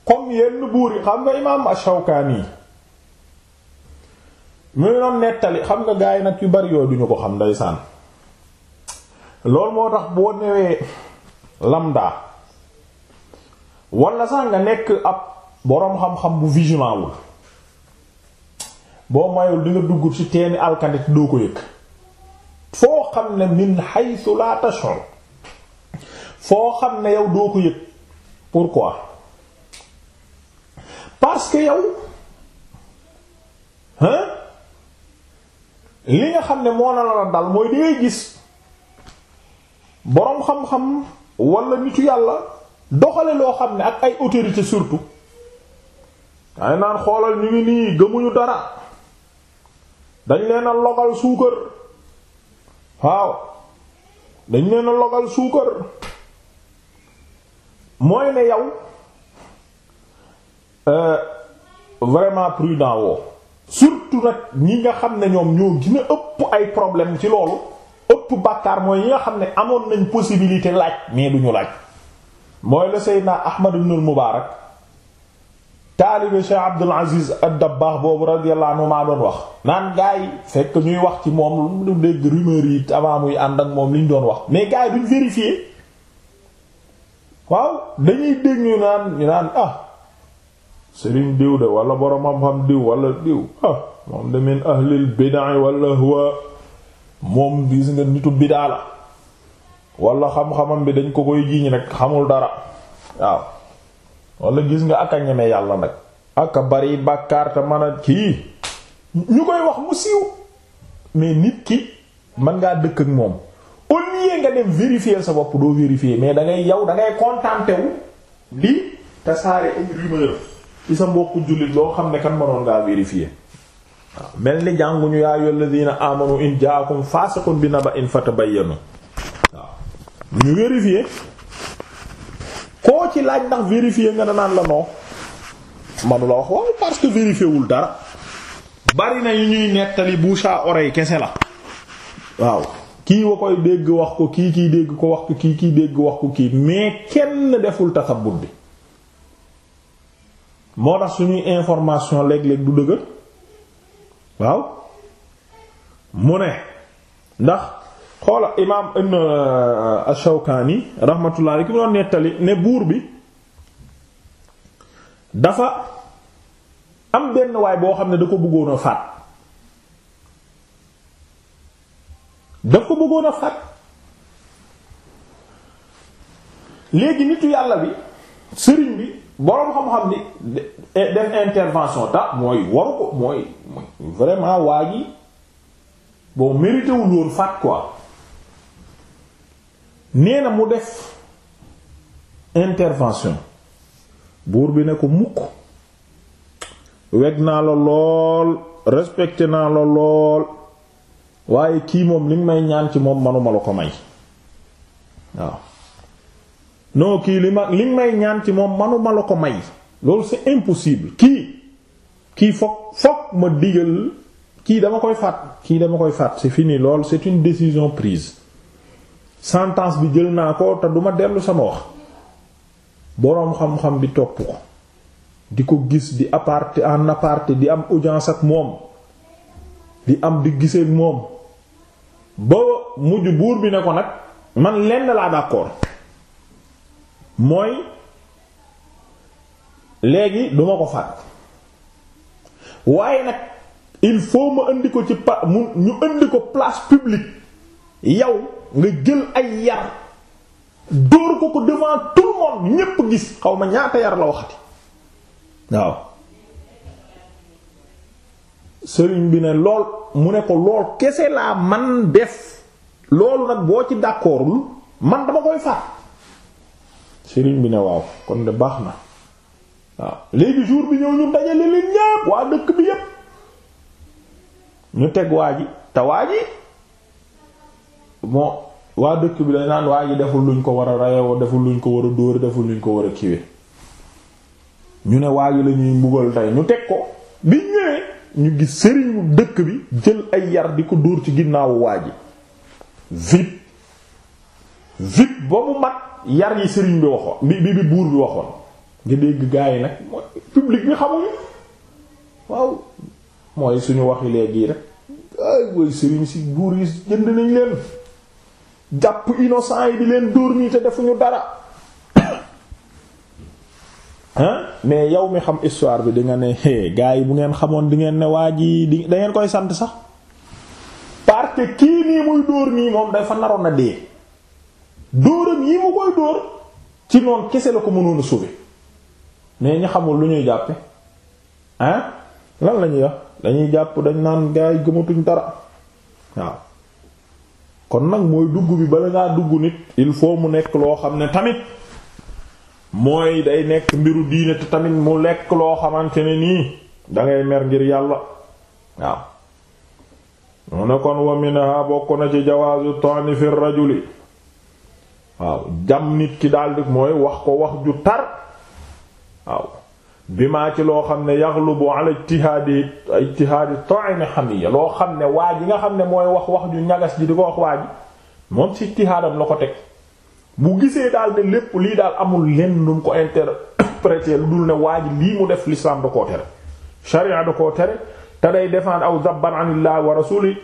comme yenn buur yi xam nga imaam Ash-Shawkani mu ngi doon nettali xam nga gaa yi nag yu bari yooyu duñu ko xam ndeysaan loolu moo tax boo newee lambda wala sax nga nekk ab boroom xam-xam bu vigilant wul boo mayul di nga dugg ci teeni alkande ci doo ko yëg foo xam ne min haythu la tash'ur foo xam ne yow doo ko yëg pourquoi parce que yow hein li nga xam ne moo na la dal mooy di ngay gis boroom xam-xam wala nitu yàlla doxale loo xam ne ak ay autorité surtout ay naan xoolal ñu ngi nii gëmuñu dara dañ leen a logal suukar waaw dañ leen a logal suukar mooy ne yow euh, vraiment prudent woo surtout nag ñi nga xam ne ñoom ñoo gën ëpp ay problème ci loolu ëpp bàkkaar mooy ñi nga xam ne amoon nañ possibilité laaj mais duñu laaj mooy la Seydina Ahmad ibn al-Mubarak taalibe Cheikh Abdul Aziz ad-Dabbaax boobu radiyallahu anhu maa doon wax naan gars yi ñuy wax ci moom lu dégg rumeur yi avant muy ànd ak moom liñ doon wax mais gars yi duñ vérifier waaw dañuy dégg ñu naan ñu naan ah sëriñ diw de wala boroom xam-xam diw wala diw ah moom de min ahlil bid'a wala huwa moom gis nga nitu bid'a la wala xam-xamam bi dañ ko koy jiiñ rek xamul dara waaw wala gis nga ak a ñeme yàlla nag ak a bari bàkkaar te mën a kii ñu koy wax mu siiw mais nit ki mën ngaa dëkk ak moom au nga dem vérifier sa bopp doo vérifier mais dangay ngay yow da ngay te saare ay rumeur ci sa mbokku jullit loo xam ne kan mënoon ngaa vérifier waaw mel ni jànguñu yaa ayyuhal ladina amanu in jaakum fasiqun bi naba'in fatabayyanu waaw ñu vérifier koo ci laaj ndax vérifier nga naan la noo manu la wax waaw parce que vérifier wul dara bari na yu ñuy nettali bouche à oreille kese la waaw kii wa koy dégg wax ko kii kiy dégg ko wax ko kii kiy kii mais kenn deful tasabut bi moo tax suñuy information léeg-léeg du dëgër waaw mu ne ndax xoola imaam ibn euh, euh, Ashawkaani rahmatullah alayhi ki mu doon nettali ne buur bi dafa am benn waay boo xam ne da ko bëggoon faat daf ko bëggoon faat léegi nitu yàlla bi sëriñ bi boroom xam-xam ni e, def intervention ta mooy waru ko mooy vraiment waa ji bon mérité wul woon faat quoi nee mu def intervention buur bi ne ko mukk weg naa la lool respecté naa la lool waaye kii moom li may ñaan ci moom manuma la ko may waaw non kii li ma li may ñaan ci moom manuma la ko may loolu c'est impossible kii kii foog foog ma digal kii dama koy faat kii dama koy faat c'est fini lool c'est une décision prise sentence bi jël naa ko te duma dellu sama wax boroom xam-xam bi topp ko di ko gis di aparté en aparté di am audience ak moom di am di gisee moom ba mujj buur bi ne ko nag man lenn laa d'accord mooy léegi duma ko faat waaye nag il faut ma indi ko ci pa mu ñu indi ko place publique yow nga jël ay yar dóor ko ko devant tout le ñépp gis xaw ma ñaata yar la waxati waaw sëriñ bi ne lool mu ne ko lool kese laa man def loolu nag boo ci d'accordul man dama koy faat sëriñ bi ne waaw kon de baax na waaw léegi jour bi ñëw ñu dajale leen ñépp waa dëkk bi yépp ñu teg waa ji te waa ji moo waa dëkk bi dañ naan waa ji deful luñ ko war a rayoo deful luñ ko war a dóor deful luñ ko war a kiwe ñu ne waa ji la ñuy mbugal tey ñu teg ko bi ñëwee ñu gis sëriñu dëkk bi jël ay yar di ko dóor ci ginnaawu waa ji vite ba mu mat yar yi sëriñ bi waxoon bi bi buur bi waxoon nga dégg gaa yi nag mooy public bi xamuñu waaw mooy suñu waxi léegi rek ay woy sëriñ si buur yi jënd nañ leen jàpp innocent yi di leen dóor nii te defuñu dara hein mais yow mi xam histoire bi di nga ne gaa yi bu ngeen xamoon di ngeen ne waa ji di da koy sant sax parce que kii nii muy dóor nii moom dafa naroon na dee dóoram yi mu koy dóor ci noonu kese la ko mënoon a sauver mais ñi xamul lu ñuy jàppe ah lan la ñuy wax dañuy jàpp dañ naan gaa yi gëmatuñ dara waaw kon nag mooy dugg bi bala ngaa dugg nit il faut mu nekk loo xam ne tamit mooy day nekk mbiru diine te tamit mu lekk loo xamante ne nii dangay mer ngir yàlla waaw mu ne kon wa minha bokk na ci jawaazu ta'ni fi rajuli waaw jam nit ki daal di mooy wax ko wax ju tar waaw bi ma ci loo xam ne yaxlubu ala ijtihaadi ijtihaadi ta'in hamiyya loo xam ne waa ji nga xam ne mooy wax wax ju ñagas ji di ko wax waa moom ci ijtihaadam la ko teg bu gisee daal ne lépp lii daal amul lenn nu ko interpréter lu dul ne waa ji lii mu def l'islam da koo tere sharia da koo tere te day défendre aw zabban anillah wa rasuli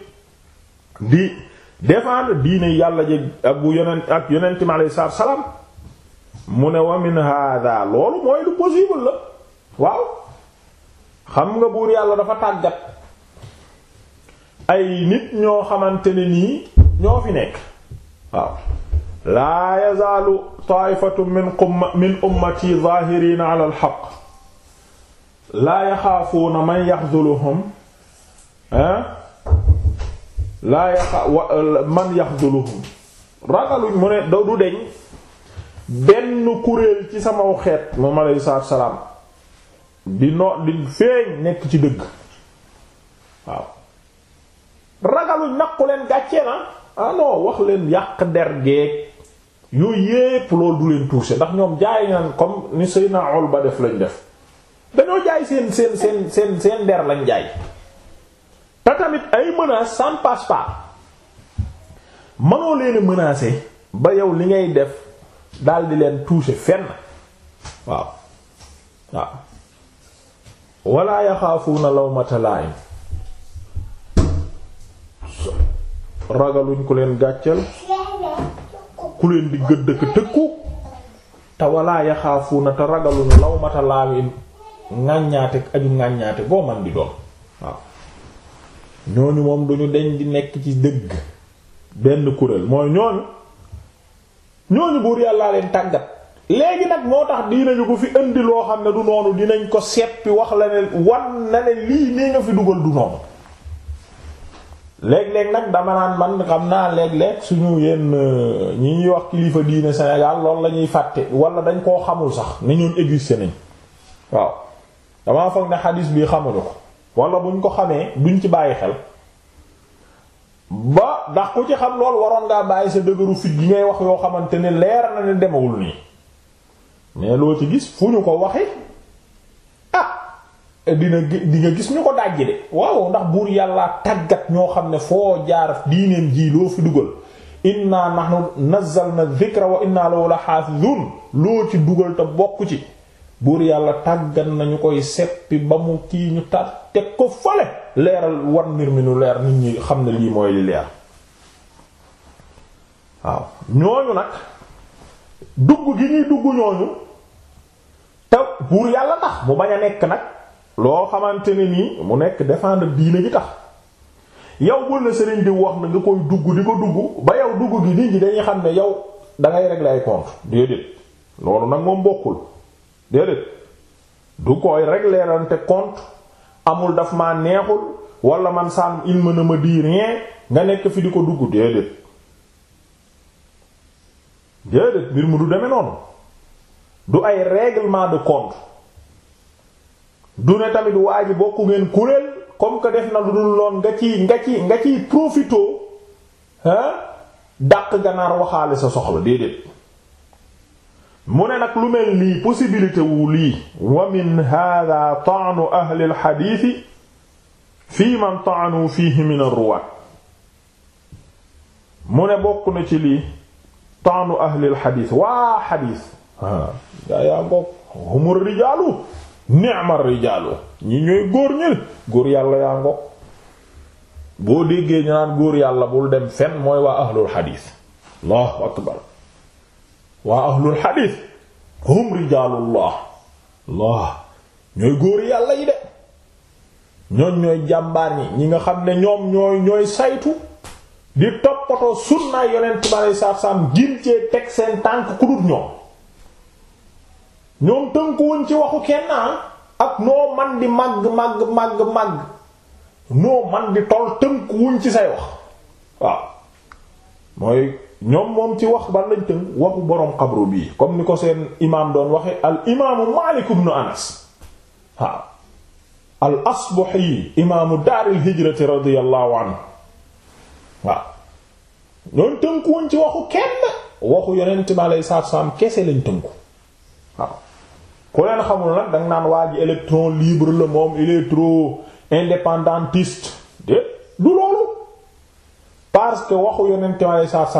di défendre diine yàlla ji ak bu yonen ak yonent mi salaam mu ne wa min hada loolu mooy lu possible la waaw xam nga buur yàlla dafa tàggat ay nit ñoo xamante ni nii ñoo fi nekk waaw laa yazaalu taifatu min ummati zaahirina ala alxaq laa yaxaafuuna man yaxduluhum ah laa yaqa man yaxduluhum ragaluñ mu ne du deñ benn kuréel ci sama xeet moom aleyhi salaatu salaam di no di feeñ nekk ci dëgg waaw ragaluñ naqu leen gàcce na ah, ah wax leen yàq der geeg yooyu yépp loolu du leen touché ndax ñoom jaay naan comme ni sëy naa ba def lañ def dañoo jaay seen seen seen seen seen der lañ jaay te tamit ay menaces ça ne passe pas mënoo ba yow li ngay def daldi leen toucher fenn waaw waaw wala yaxaafuuna lawmata laa'im ragaluñ ku leen gàcceel ku leen di gëdd ak tëkku te wala yaxaafuuna te ragaluñ lawmata laa'im ŋàññaate aju ŋàññaate boo man di doon waaw ñooñu moom duñu deñ di nekk ci dëgg benn kuréel mooy ñooñu ñooñu buur yàlla leen tàggat léegi nag moo tax dinañu ko fi indi loo xam ne du noonu dinañ ko seppi wax la ne wan na ne lii nee nga fi dugal du noonu léeg-léeg nag dama naan man xam naa léeg-léeg suñu yenn euh, ñi ñuy wax kilifa diine Sénégal loolu la ñuy fàtte wala dañ koo xamul sax ne ñoon existé nañ waaw damaa foog ne xadiis bi xamuñu ko wala buñ ko xamee duñ ci bàyyi xel ba ndax ku ci xam lool waroon ngaa bàyyi sa dëgëru fit gi ngay wax yoo xamante ne leer na ne demewul nii mais loo ci gis fu ñu ko waxi ah dina di nga gis ñu ko dàjji de waaw ndax buur yàlla tàggat ñoo xam ne foo jaar diineem ji loo fi dugal inna nahnu nazzalna dhikra wa inna lahu la haafizun loo ci dugal te bokk ci buur yàlla tàggat nañu koy seppi ba mu kii ñu tar teg ko fale leeral war mbir mi nu leer nit ñi xam ne lii mooy leer waaw ñooñu nag dugg gi ñuy dugg ñooñu te buur yàlla tax mu bañ a nekk nag loo xamante ne nii mu nekk défendre diine gi tax yow bu la sëriñ di wax na nga koy dugg di ko dugg ba yow dugg gi nit ñi dañuy xam ne yow da ngay régler compte déedéet loolu nag moom bokkul. déedéet du koy rek leerante compte amul daf ma neexul wala man sànn il mën a ma di rien nga nekk fi di ko dugg déedéet déedéet mbir mu du demee noonu du ay règlement de compte du ne tamit waa ji bokku ngeen kuréel comme que def na lu dul loon nga ci nga ci nga ciy profitoo dàq ganaar waxaale sa soxla déedéet mu ne nag lu mel nii possibilité wu lii wa min hada taanu ahli alxadiisi fii man taanu fiihi min arruwaat mu bokk na ci lii taanu ahli alxadiis waa xadiis ah, yaa yaa ngoog humur rijaalu ni'mar rijaalu ñi ñooy góor ñël yàlla yaa ngoog boo déggee ñu naan góor yàlla bul dem fenn mooy waa ahlul xadiis allahu akbar waa ahlul xadiis hum rijaalullah allah ñooy góor yàlla yi de ñoom ñooy jàmbaar ñi ñi nga xam ne ñoom ñooy saytu di toppatoo sunna yonent balay sarsam gin cee teg seen tànk ku dul ñoom ñoom tënkuwuñ ci waxu kenn ah, ak noo man di màgg màgg màgg màgg noo man di tol tënkuwuñ ci say wax waaw mooy ñoom moom ci wax ban lañ tënk waxu boroom xabru bii comme ni ko seen imaam doon waxe al imaamu Maalik ibnu Anas waaw al asbahi imaamu daaril hijrati radiyallahu anhu waaw ñoon tënku woon ci waxu kenn waxu yonent bi alayhi salaatu salaam kese lañ tënku waaw ku leen xamul nag danga naan waa ji électron libre la moom il est du loolu parce que waxu yonente mi alei satu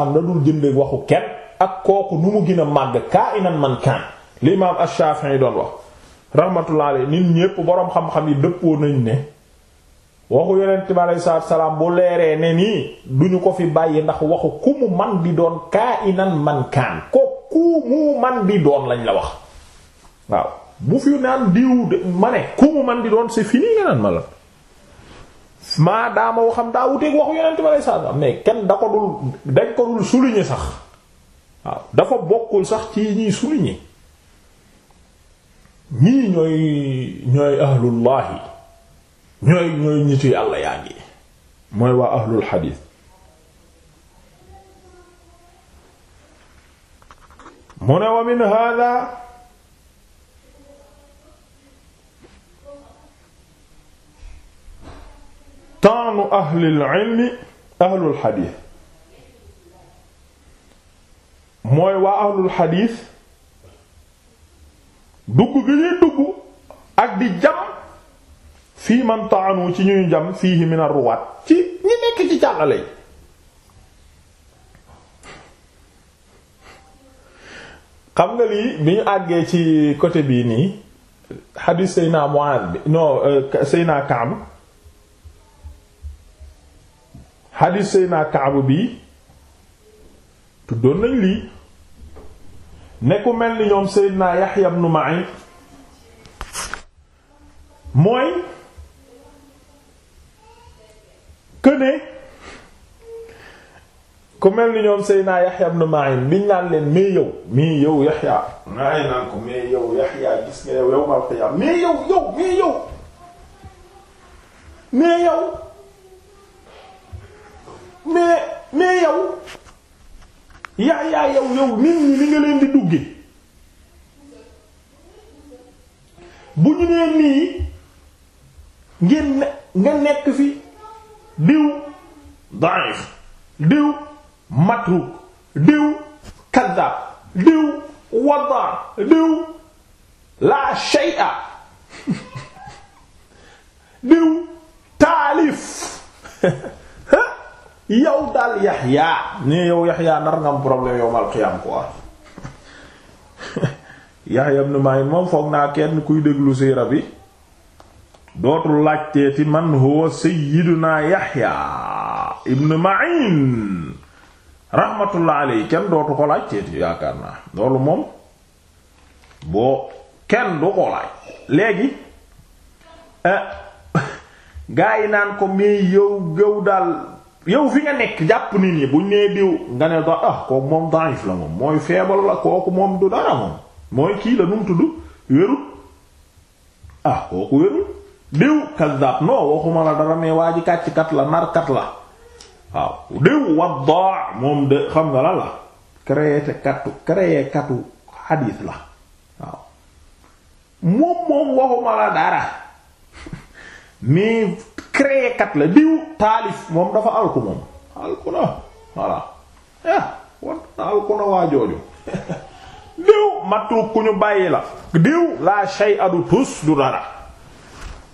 waxu kenn ak kooku nu mu gën a màgg kaa inan man kaan li imaam Ash-Shafi'i doon wax rahmatullah alayhi nit ñépp boroom xam-xam yi dëppoo nañ ne waxu yonente mi alei salaam bu leeree ne nii duñu ko fi bàyyi ndax waxu man di doon kaa inan man kaan doon lañ la wax waaw bu fi naan diw ma ne ku mu man di doon c'est fini nga naan ma la maa daama waxam daa wuteeg waxu yonent ba lay saa mais kenn da ko dul dañ ko dul souligner sax waaw dafa bokkul sax ci ñiy souligner ñii ñooy ñooy ahlullahi ñooy ñooy ñitu yàlla mooy waa ahlul xadiis mu ne wa min hada taanu ahlil ilmi ahlul xadiis mooy waa ahlul xadiis dugg gi ñuy dugg ak di jam fii man taanu ci ñuy jam fiihi min ar-ruwaat ci ñi nekk ci càllale yi xam nga lii bi ñu àggee ci côté bii nii xadiis Seyna Muaad bi non euh, Seyna Kaab xadiis naa Kaab bi tuddoon nañ lii ne ku mel ni ñoom Seydina Yaxya ibnu Ma'iin mooy këne ku mel ni ñoom Seydina Yaxya ibnu Ma'iin biñ naan leen mais yow mais yow Yaxya naa naan ko mais yow Yaxya gis nga yow yow mal xiyaam mais yow yow mais yow mais mais mais yow yaa yaa yow yow nit ñi li nga leen di dugge bu ñu nee nii ngeen nga nekk fi diw da'if diw matruk diw kaddaab diw waddaar diw laa shay'a diw taalif yow daal Yaxya ne yow Yaxya nar nga am problème yow mal xiyaam quoi Yaxya ibn Ma'in moom foog naa kenn kuy déglu siira bi dootul laajteeti man huwa sayyiduna Yaxya ibn Ma'in rahmatullah alayhi kenn dootu ko laajteeti yaakaar naa loolu moom boo kenn du ko léegi eh, gaa yi naan ko mais yow yow daal yow fi nga nekk jàpp nit ñi buñ nee diw nga ne da ah kooku moom daif la moom mooy feebal la kooku moom du dara la nu ah kooku wérut diw kazzab non waxuma la dara mais waa ji kàccikat la narkat la waaw diw wadda moom de xam nga la la créé katu créé xadiis la waaw moom moom waxuma la dara mais créé kat la diw taalif moom dafa alku moom alku na eh, waa jooju diw matuug ku ñu bàyyi la diw laa shay adu tus du dara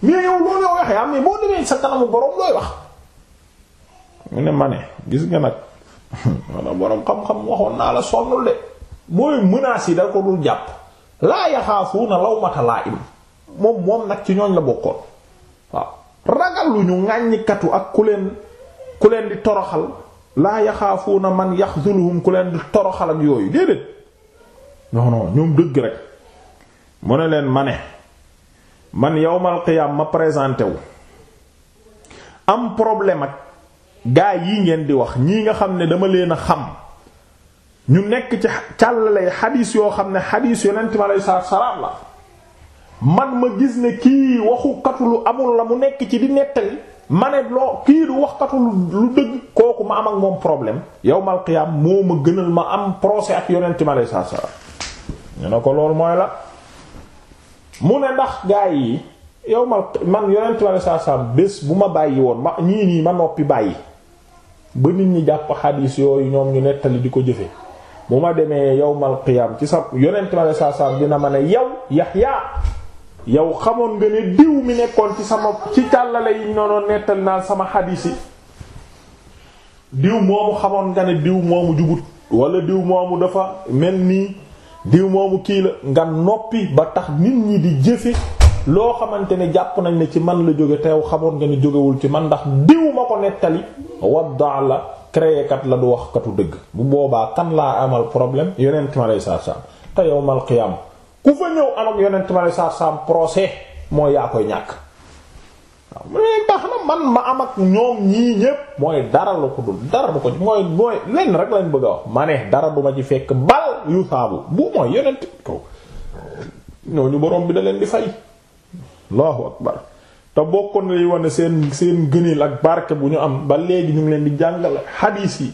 mais yow loolu yoo waxee am ni boo demee sa kanamu borom looy wax mu ne ma gis nga nag walla borom xam-xam waxoon naa la sonnul de mooy menaces yi da ko dul jàpp laa yaxaafu na law mata laa im moom moom nag ci ñooñ la bokkoon waaw ragal lu ñu ŋàññikatu ak ku leen ku leen di toroxal laa yaxaafuuna man yaxzuluhum ku leen di toroxal ak yooyu déedéet non non ñoom dëgg rek mu ne leen ma ne man yawmal qiyaam ma présenté wu am problème ak gaa yi ngeen di wax ñii nga xam ne dama leen a xam ñu nekk ci càllale xadiis yoo xam ne xadiis yonent mi alayhi salaatu salaam la man ma gis ne kii waxukatu lu amul la mu nekk ci di nettali ma ne loo kii du waxkatu lu dëgg kooku ma am ak moom problème yowmal qiyaam moo ma gënal ma am procès ak yonent mi aleyhi salaatu ko loolu mooy la mu ndax gaa yi yowmal man yonent mi aleyhi bés bu ma bàyyi woon ma ñii nii ma noppi bàyyi ba nit ñi jàpp xadiis yooyu ñoom ñu nettali di ko jëfe bu ma demee yowmal qiyaam ci sa yonent mi aleyhi salaatu dina ma ne yow Yaxya yow xamoon nga ne diw mi nekkoon ci sama ci càllale yi noonu nettali naa sama xadiis diw moomu xamoon nga ne diw moomu jubut wala diw moomu dafa mel nii diw moomu kii la nga noppi ba tax nit ñi di jëfe loo xamante ne jàpp nañ ne ci man la jóge te yow xamoon nga ne jógewul ci man ndax diw ma ko nettali waddaa la créé kat la du wax katu dëgg bu boobaa kan laa amal problème yeneen ma lay saar saar te yowmal qiyaam ku fa ñëw am ak yonent ma ne saa saam procès mooy yaa koy ñàkk waaw mu ne baax na man ma am ak ñoom ñii ñépp mooy dara la ko dul dara du ko ci mooy mooy lenn rek lañ bëgg a wax ma ne dara du ma ci fekk bal yu saabu bu mooy yonent kaw ñooñu borom bi da leen di fay allahu akbar te bokkoon lay wane seen seen gëneel ak barke bu ñu am ba léegi ñu ngi leen di jàngal xadiis yi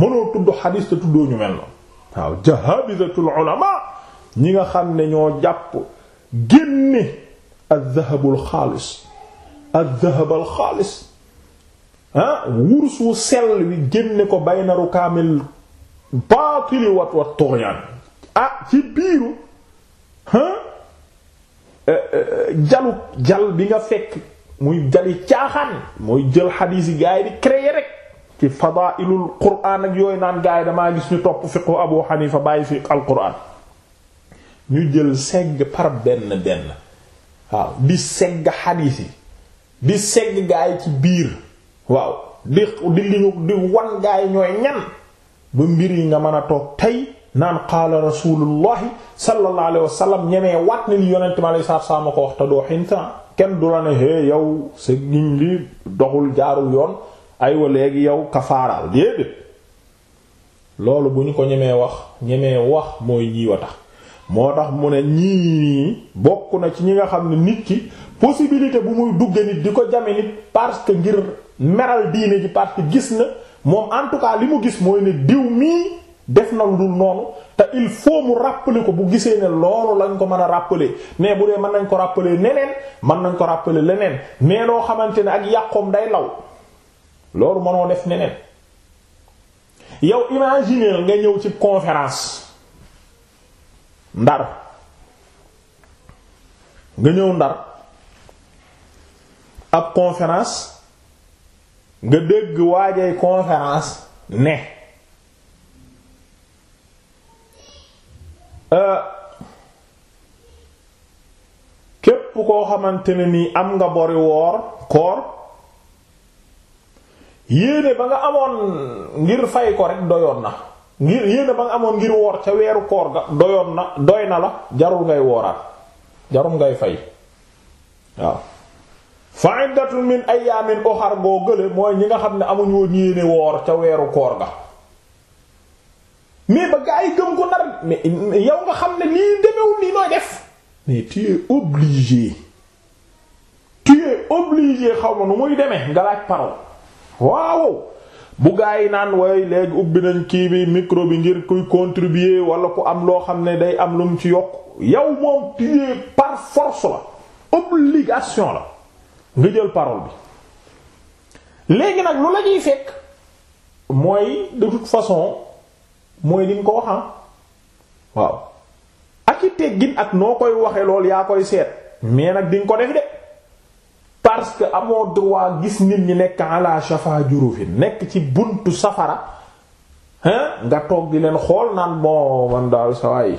mënoo tudd xadiis te tuddoo ñu mel noonu waaw jahabizatul ulama ñi nga xam ne ñoo jàpp génne addahabul xaalis addahabal xaalis ah wurus wu sell wi génne ko bayna rukaamil baatili wat wat tughyan ah ci biiru ah eh, eh, jalu jal bi nga fekk muy jali caaxaan mooy jël xadiis gaa yi di créer rek ci fadailul quraan ak yooyu naan gaa yi damaa gis ñu topp fiqhu abu xanifa bàyyi fi al quraan ñu jël segg par benn benn waaw di segg xadiis di segg gaay ci biir waaw di di li ñu di wan gaay ñooy ñan ba mbir yi nga mën a toog tey naan qaala rasulullahi sallallahu alayhi wasallam ñemee wat ni li yonente mi alayhi salaatu salaam ko wax te doo xintaan kenn du la ne hé yow sa giñ li doxul jaarul yoon aywa léegi yow kafaaraal déedéet loolu bu ñu ko ñemee wax ñemee wax mooy ñiiwa tax moo tax mu ne ñii bokk na ci ñi nga xam ne nit ki possibilité bu muy dugge nit di ko jame nit parce que ngir meral diine ji parce que gis na moom en tout li mu gis mooy ne diw mii def na lu dul noonu te il faut mu rappeler ko bu gisee ne loolu lañ ko mën a rappeler mais bu dee mën nañ ko rappeler neneen mën nañ ko rappeler leneen mais loo xamante ne ak yàqoom day law loolu mënoo def neneen yow imaginer nga ñëw ci conférence ndar nga ñëw ndar ab conférence nga dégg waajay conférence ne euh, képp koo xamante ne nii am nga bori woor koor yéene ba nga amoon ngir fay ko rek doyoon na ngir yéene ba nga amoon ngir woor ca weeru koor ga doyoon na doy na la jarul ngay wooraat jarul ngay fay waaw fa iddatu min ayaamin uxar boo ñi nga xam ne amuñu woon yéene ca weeru koor ga mais ba gaa yi xam ne nii demewul nii nooy def xaw ma nu muy demee nga laaj parole waaw bu gaa yi naan way léegi ubbi nañ kii bi micro bi ngir kuy contribuer wala ku am loo xam ne day am lu mu ci yokk yow moom tiyee par force la obligation la nga jël parole bi léegi nag lu la fekk mooy de toute façon mooy li ko waxam ah. waaw ak i teggin ak noo koy waxe lool yaa koy seet mais nag di ko def de parce que amoo droit gis nit ñi nekk ala shafa jurufin nekk ci buntu safara hein nga toog di leen xool naan bon man daal sa waay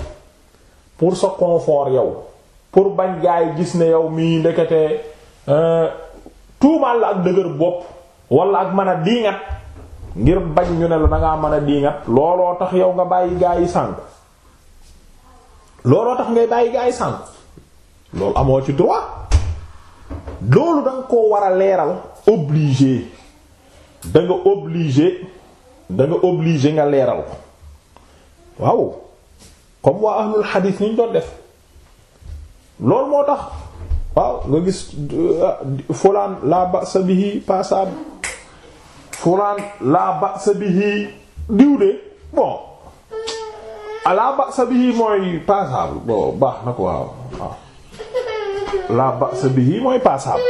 pour sa confort yow pour bañ gaay gis ne yow mii ndekete tuumaal la ak dëgër bopp wala ak mën a diiŋat ngir bañ ñu ne la dangaa mën a diiŋat looloo tax yow nga bàyyi gaay yi sànk looloo tax ngay bàyyi gaay yi sànk amoo ci droit loolu da ko war a leeral obligé da obligé da nga obligé nga leeral ko waaw comme waa ahlul xadiis ni doon def loolu moo tax waaw nga gis euh, fulaan la ba'sa bihi passab fulaan la ba'sa bihi diw de bon ala ba'sa bihi mooy passable bon baax na ko waaw la ba'sa bihi mooy passable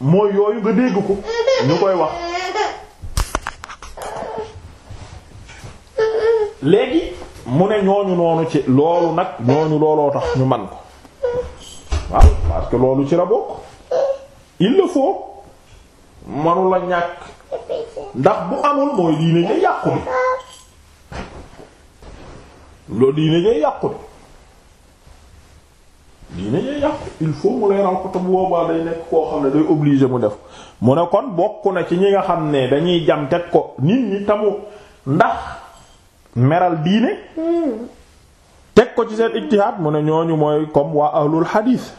mooy yooyu nga dégg ko ñu koy wax léegi mu ne ñooñu noonu ci loolu nag ñooñu looloo tax ñu man ko waaw parce loolu ci la bokk il le faut manu la ñàkk ndax bu amul mooy diine ja yàqu bi loolu diine ja yàqu diine yee yàqu il faut mu leeral ko te boobaa day nekk koo xam ne day obligé mu def mu ne kon bokk na ci ñi nga xam ne dañuy jam teg ko nit ñi tamu ndax meral diine teg ko ci seen ijtihaad mu ne ñooñu mooy comme waa ahlul xadiis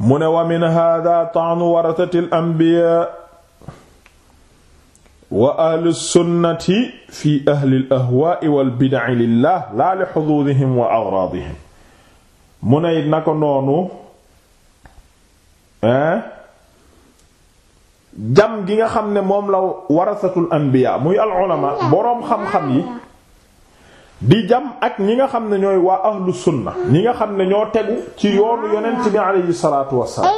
mu ne wa min hada taanu waratati al anbiya wa ahli sunnati fi ahli al ahwaa wal bid'a lillah la li xuduudihim wa aghraadihim mu ne na ko noonu jam gi nga xam ne moom la warasatul anbiya muy al ulama boroom xam-xam yi di jam ak ñi nga xam ne ñooy waa ahlu sunna ñi nga xam ne ñoo tegu ci yoonu yonent bi alayhi salaatu wassalaam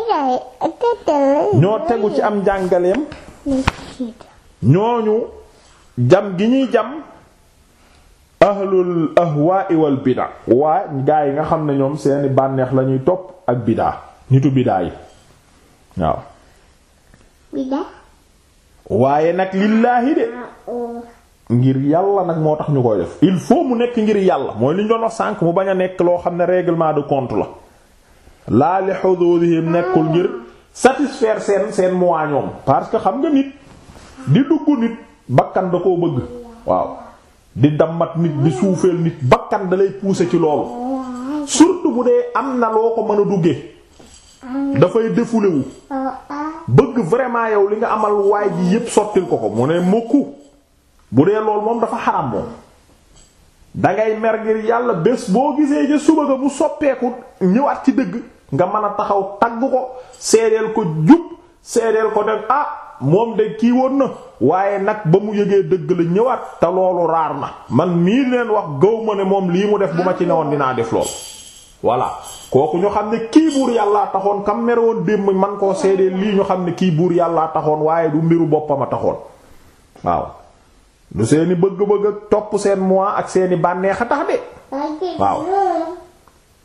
ñoo tegu ci am njàngaleem ñooñu jam gi ñuy jam ahlul ahwaa'i wal bida waa gaa yi nga xam ne ñoom seeni bànneex lañuy topp ak bidaa nitu bidaa yi waaw waaye nag lillaahi de ah, oh. ngir yàlla nag moo tax ñu koy def il faut mu nekk ngir yàlla mooy li ñu doon wax sànk mu bañ a nekk loo xam ne réglement de compte la laa li hududihim nekkul ngir satisfaire seen seen mois ñoom parce que xam nga nit di dugg nit bakkan da koo bëgg waaw di dammat nit di suufeel nit bakkan da lay pousser ci loolu surtout bu dee am na loo ko mën a duggee dafay défoulé wu bëgg vraiment yow li nga amal waay ji yépp sottil ko ko mu ne mokku bu dee loolu moom dafa xaram moom dangay mer ngir yàlla bés boo gisee ca suba ga bu soppeeku ñëwaat ci dëgg nga mën a taxaw tagg ko seedeel ko jub seedeel ko def ah moom de kii woon na waaye nag ba mu yëgee dëgg la ñëwaat te loolu raar na man mii leen wax gaw ma ne moom lii mu def bu ma ci newoon dinaa def lool voilà kooku ñu xam ne kii buur yàllaa taxoon kam meroon démb man koo seedee lii ñu xam ne kii buur yàllaa taxoon waaye du mbiru boppam a taxoon waaw du seeni bëgg-bëgg ak topp seen moi ak seeni bànneex a tax de waaw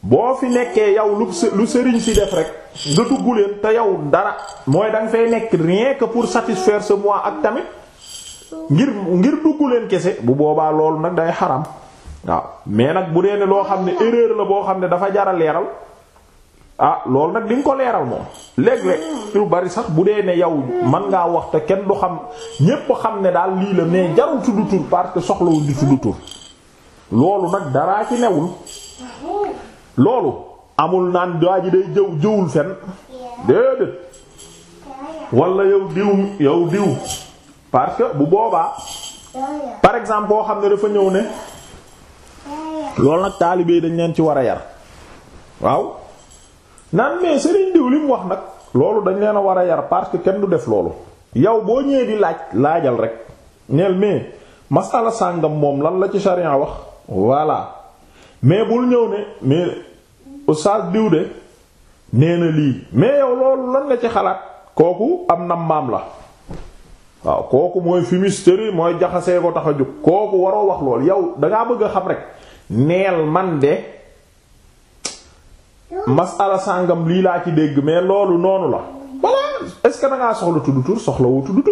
boo fi nekkee yow lu lu sëriñ fi def rek nga dugg leen te yow dara mooy da nga fay nekk rien que pour satisfaire ce mois ak tamit ngir ngir dugg leen kese bu boobaa loolu nag day xaram waaw mais nag bu dee ne loo xam ne erreur la boo xam ne dafa jar a leeral ah loolu nag di ko leeral moom léeg lu bari sax bu dee ne yow man ngaa wax te kenn du xam ñépp xam ne daal lii la mais jarul tudd tur parce que soxlawul di tudd tur loolu nag daraa ci newul. loolu amul naan waa ji day jëw jëwul fen déedéet wala yow diw yow diw parce que bu boobaa par exemple boo xam ne dafa ñëw ne loolu nag taalibe yi dañ leen ci war a yar waaw naan mais Serigne diw li mu wax nag loolu dañ leen a war a yar parce que kenn du def loolu yow boo ñëwee di laaj laajal rek neel mais masala sàngam moom lan la ci sharia wax voilà mais bul ñëw ne mais oustaz diw de nee lii mais yow loolu lan nga ci xalaat kooku am nam maam la waaw kooku mooy fumisterie mooy jaxasee ko tax a jóg kooku waroo wax lool yow dangaa bëgg a xam rek neel man de masala sàngam lii laa ci dégg mais loolu noonu la voilà est-ce que dangaa soxla tudd soxla woo tudd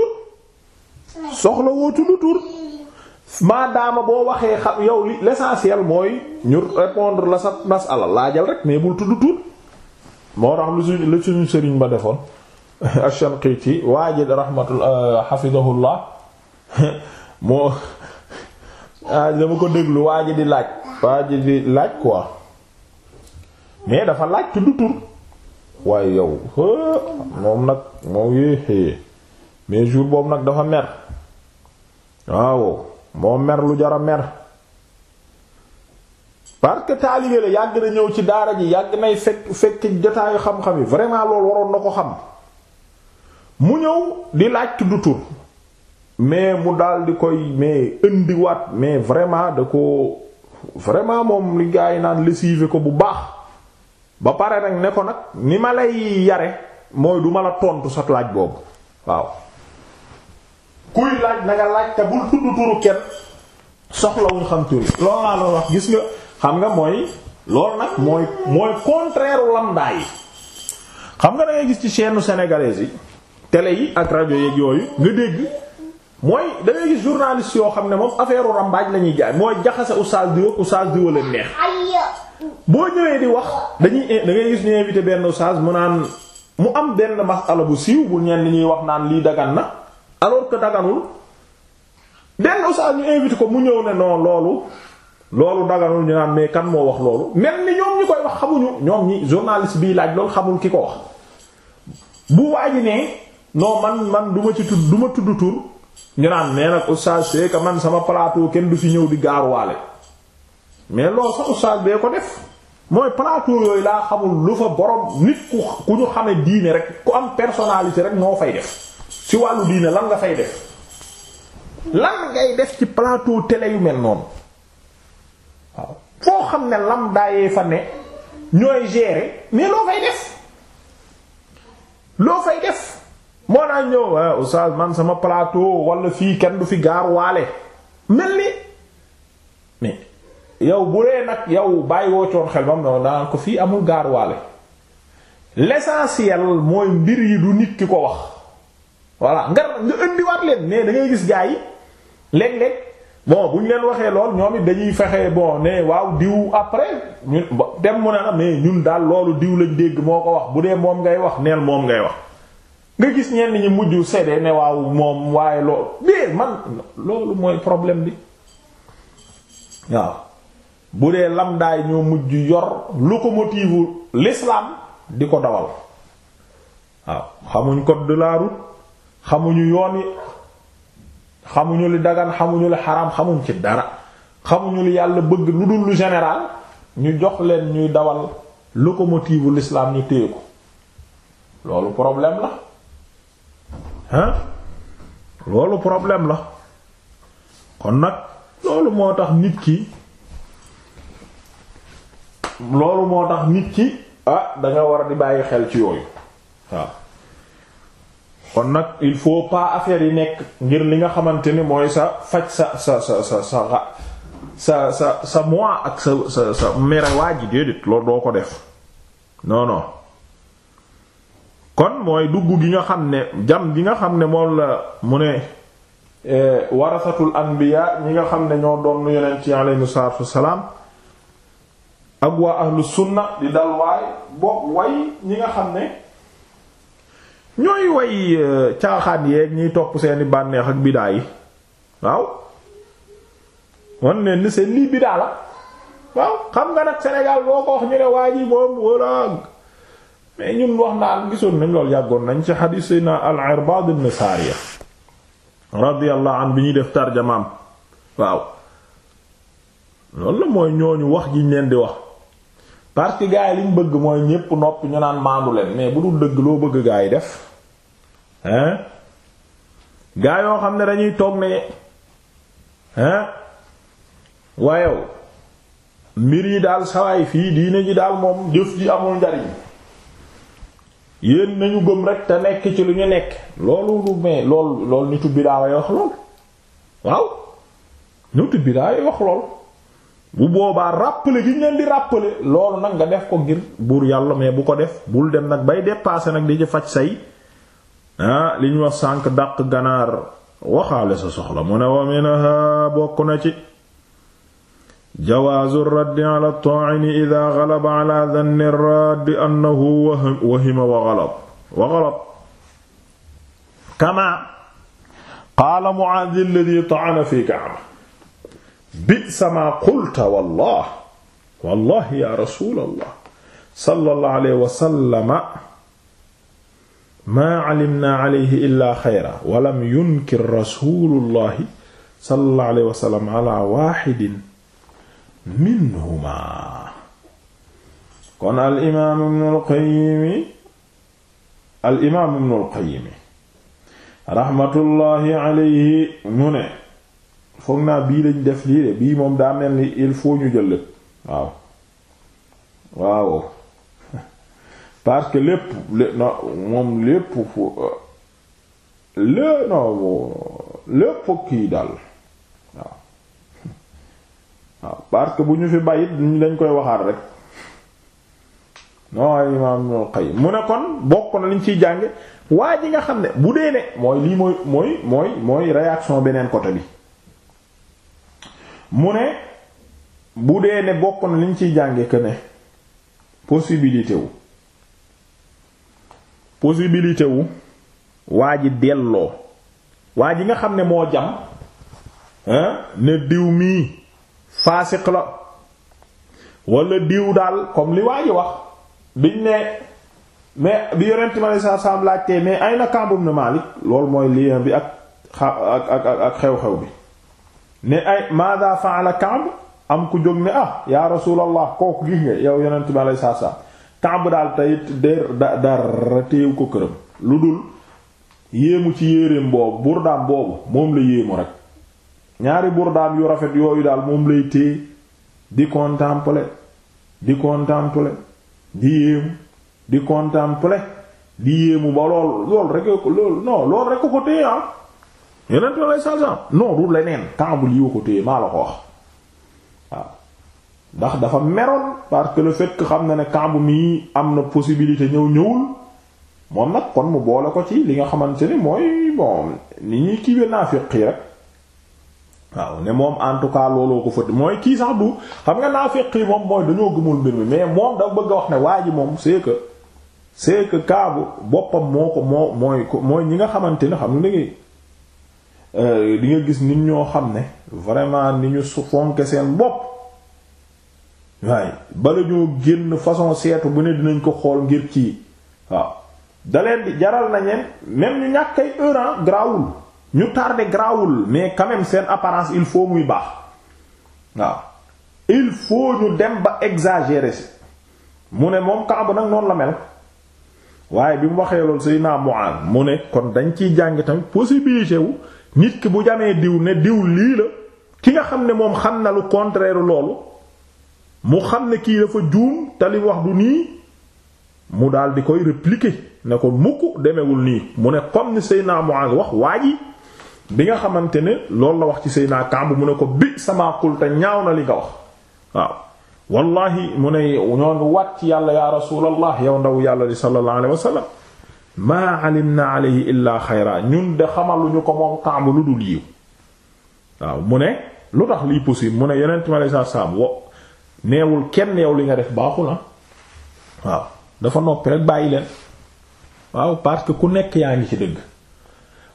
soxla woo tudd maadaama boo waxee xam yow li l'essentiel mooy ñu répondre la sa masala laajal rek mais bul tudd tuut moo tax lu suñu sëriñ ba defoon Ash-Shanqiti waajid rahmatul euh, hafizahullah moo ah, dama ko déglu waajid di laaj waajid di laaj quoi mais dafa laaj tudd tur waaye yow moom nag moom yéexee mais jour boobu nag dafa mer waaw moo mer lu jara mer parce que taalibe la yàgg na ñëw ci daara ji yàgg nay fekk fekk jotaayu xam-xam yi vraiment loolu waroon na ko xam mu ñëw di laaj du tur mais mu daal di koy mais indiwaat mais vraiment da ko vraiment moom li gaa yi naan lessivé ko bu baax ba pare nag ne ko nag ni ma lay yare mooy du ma la tontu sa laaj boobu waaw. kuy laaj na nga laaj te bul tudd turu kenn soxlawuñ xam turi loolu laa doon wax gis nga xam nga mooy loolu nag mooy mooy contraire lambda yi xam nga dangay gis ci seenu sénégalaise yi télé yi ak rajo yeeg yooyu nga dégg mooy da ngay gis journaliste yoo xam ne moom affaire rambaaj la ñuy jaay mooy jaxase oustaz diw oustaz diw la neex boo ñëwee di wax dañuy eh, da gis ñu invité benn oustaz mu naan mu am benn masala bu siiw bu li ñuy wax naan lii dagan na. alors que daganul benn oustaz ñu invité ko mu ñëw ne non loolu loolu daganul ñu naan mais kan moo wax loolu mel ni ñoom ñu koy wax xamuñu ñoom ñi journaliste biy laaj lool xamul ki ko wax bu waaji ne non man man duma ci tudd du ma tudd tur ñu naan mais nag oustaz c'est que man sama plateau kenn du fi ñëw di gaaruwaale mais loolu sax oustaz bee ko def mooy plateau yooyu laa xamul lu fa borom nit ku ku ñu xame diine rek ku am personnalité rek noo fay def si wàllu diine lan nga fay def lan ngay def ci plateau télé yu mel noonu waaw foo xam ne lam daayee fa ne ñooy gérer mais loo fay def loo fay def moo naa ñëw waaw ah, oustaz man sama plateau wala fii kenn du fi gaar waale mel ni mais yow bu dee nag yow bàyyi woo coon xel bam no daan ah, ko fii amul gaar waale l'essentiel mooy mbir yi du nit ki ko wax voilà nga nga indiwaat leen mais da gis gaa yi léeg-léeg bon bu ñu leen waxee lool ñoom it dañuy fexe bon ne waaw diw après ñun dem mu ne la mais ñun daal loolu diw lañ dégg moo ko wax bu dee moom ngay wax neen moom ngay wax. nga gis ñenn ñi mujj seede ne waaw moom waaye loolu mais man loolu mooy problème bi waaw bu dee lamdaay ñoo mujj yor locomotive l'islam di ko dawal waaw xamuñ code de xamuñu yoon yi xamuñu li dagan xamuñu li xaraam xamuñ ci dara xamuñu li yàlla bëgg lu dul lu général ñu jox leen ñuy dawal locomotive l'islam ñu téye ko loolu problème la hein loolu problème la kon nag loolu moo tax nit ki loolu moo tax nit ki ah danga war a di bàyyi xel ci yooyu waaw kon nag il faut pas affaire yi nekk ngir li nga xamante ni mooy sa faj sa sa sa sa sa sa moi ak sa sa sa mere waa ji déedéet doo ko def non kon mooy dugg gi nga xam ne jam bi nga xam ne moom la mu ne eh, warasatul anbiya ñi nga xam ne ñoo doon yonent ci alayhi salaatu wassalaam ak waa ahlu sunna di dal waay bokk way ñi nga xam ne ñooy way euh, caaxaan yeeg ñiy topp seeni bànneex ak bidaa yi waaw wan ni seen lii bidaa la waaw xam nga nag Sénégal boo ko wax ñu ne waa ji moom walla mais ñun wax naan gisoon nañ loolu yàggoon nañ ci xadiis sayna al-Irbaad ibn Saariya radiyallahu anhu bi ñuy def tarjamaam waaw loolu la mooy ñooñu wax jiñ leen di wax parce gaa yi liñ bëgg mooy ñépp nopp ñu naan maandu leen mais bu dul dëgg loo bëgg gaa yi def hein gaa yoo xam ne dañuy toog ne hein waayow mbir yi daal sawaay fii diine ji daal moom jëf ji amul njariñ yéen nañu gëm rek te nekk ci lu ñu nekk loolu lu mais lool lool nitu bidaa way wax lool waaw nitu bidaa way wax lool bu boobaa rappeler gi ñu leen di rappeler loolu nag nga def ko ngir buur yàlla mais bu ko def bul dem nag bay dépasser nag di ci faj say ah li ñu wax sànq dàq ganaar waxaale sa soxla mu ne wa minha bokk na ci jawaazu raddi ala taa'ini ida galaba ala danni raddi annahu wahima wa galab wa galab kama qaala Mu'aaz alladi ta'ana fi Ka'ba bi'sa maa qulta wallah wallahi ya rasulallah sallallahu alayhi wa sallam maa calimna alayhi illaa xayra walam yunkir rasulullahi sallallahu alayhi wa sallam ala waxidin minhuma kon al imaam ibnul qayyimi al raxmatullahi alayhi mu ne foog bii lañ def lii de bii moom daa mel ni il faut ñu jël lépp waaw waaw parce que lépp non moom lépp euh, lépp kii daal waaw parce que bu ñu fi bàyyit dañ koy waxaat rek non ay mu ne kon bokk na liñ ciy jànge waa ji nga xam ne bu dee ne mooy lii mooy mooy mooy mooy réaction beneen côté bi mu ne bu dee ne bokk na liñ ciy jànge que ne possibilité possibilité waa ji delloo waa ji nga xam ne moo jam ne diw mii faasiq la diw daal comme li waa ji wax biñ ne mais bi yonent mi aleyhi salaatu salaam laajtee mais ay na Kaab ibn Maalik loolu mooy lien bi ak ak ak xew-xew bi ne ay maada faala Kaab am ku jóg ne ah yaa rasuulallah kooku gis nga yow yonent mi aleyhi salaatu Kaab daal tey der da dara teew ko këram lu dul yéemu ci yéreem boobu burdaam boobu moom la yéemu rek ñaari burdaam yu rafet yooyu daal moom lay téye di contempler di contempler di yéemu di contempler di yéemu ba lool lool rek lool non lool rek ko ko téye yeneen tool yi saa saa non du leneen Kaabul yi ko téye maa la ko wax. ndax dafa meroon parce que le fait xam na ne Kaab mii am na possibilité ñëw ñëwul moom nag kon mu boole ko ci li nga xamante ni mooy bon ni ñuy kiiwee naafiq yi rek waaw ne moom en tout cas looloo ko fët mooy kii sax du xam nga naafiq yi moom mooy dañoo gëmul mbir mi mais moom dafa bëgg a wax ne waa ji moom c'est que c'est que Kaab boppam moo ko moo mooy mooy ñi nga xamante ne xam nga léegi di nga gis nit ñoo xam ne vraiment ni ñu fonke seen bopp. waaye bala ñoo génn façon seetu bu ne dinañ ko xool ngir ci waaw da leen di jaral na ñeen même ñu ñàkk ay heure ah, grawul ñu tardé grawul mais quand seen apparence il faut muy baax waaw il faut ñu dem ba exagérer si mu ne moom Kaab nag noonu la mel waaye bi mu waxee loolu Seydina Muaaz mu ne kon dañ ciy jàng tamit possibilité nit ki bu jamee diw ne diw lii la ki nga xam ne moom xam na lu contraire loolu mu xam ne kii dafa juum tali wax du nii mu daal di koy répliquer ne ko mukk demewul nii mu ne comme ni Seyna Mu'aaz wax waa ji bi nga xamante ne loolu la wax ci naa Kamb mu ne ko bi sama te ñaaw na li nga wax waaw wallahi mu ne ñoo wàcc yàlla ya rasulallah yow ndaw yàlla li sallallahu alayhi wa sallam maa alimna alayhi illaa xayra ñun de xamaluñu ko moom Kamb lu dul yiw waaw mu ne lu tax lii possible mu ne yeneen ma lay sa saam wo neewul kenn yow li nga def baaxul ah waaw dafa noppi rek bàyyi leen waaw parce que ku nekk yaa ngi ci dëgg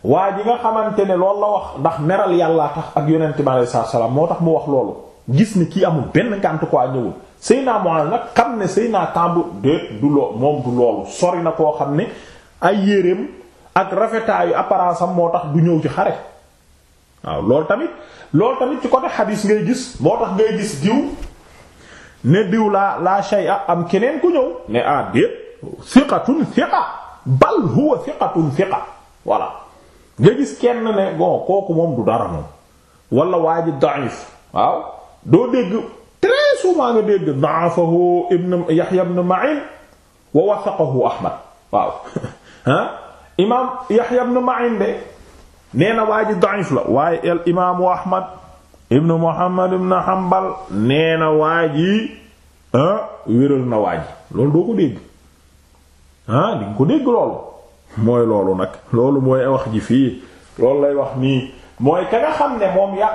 waa ji nga xamante ne loolu la wax ndax meral yàllaa tax ak yonent bi aleyhi salaatu salaam moo tax mu wax loolu gis ne kii amul benn ngànt quoi ñëwul Seyna Mu'adh nag xam ne Seyna Kaabu de du loo moom du loolu sori na koo xam ne ay yéreem ak rafetaayu apparence moo tax du ñëw ci xare waaw loolu tamit loolu tamit ci côté xadiis ngay gis moo tax ngay gis diw ne diw laa laa shay'a am keneen ku ñëw ne ah déet thiqatun thiqa bal huwa thiqatun thiqa voilà nga gis kenn ne bon kooku moom du dara moom wala waa ji da'if waaw doo dégg très souvent nga dégg da'afahu ibn Yahya ibn Ma'in wa waaw ah imaam Yahya ibn Ma'in de nee na waa ji da'if ibnu Muhammad ibnu Hanbal nee na waa ji ah, wéral na waa ji loolu doo ko dégg ah di nga ko dégg loolu mooy loolu nag loolu mooy wax ji fii loolu lay wax nii mooy ka nga xam ne moom ya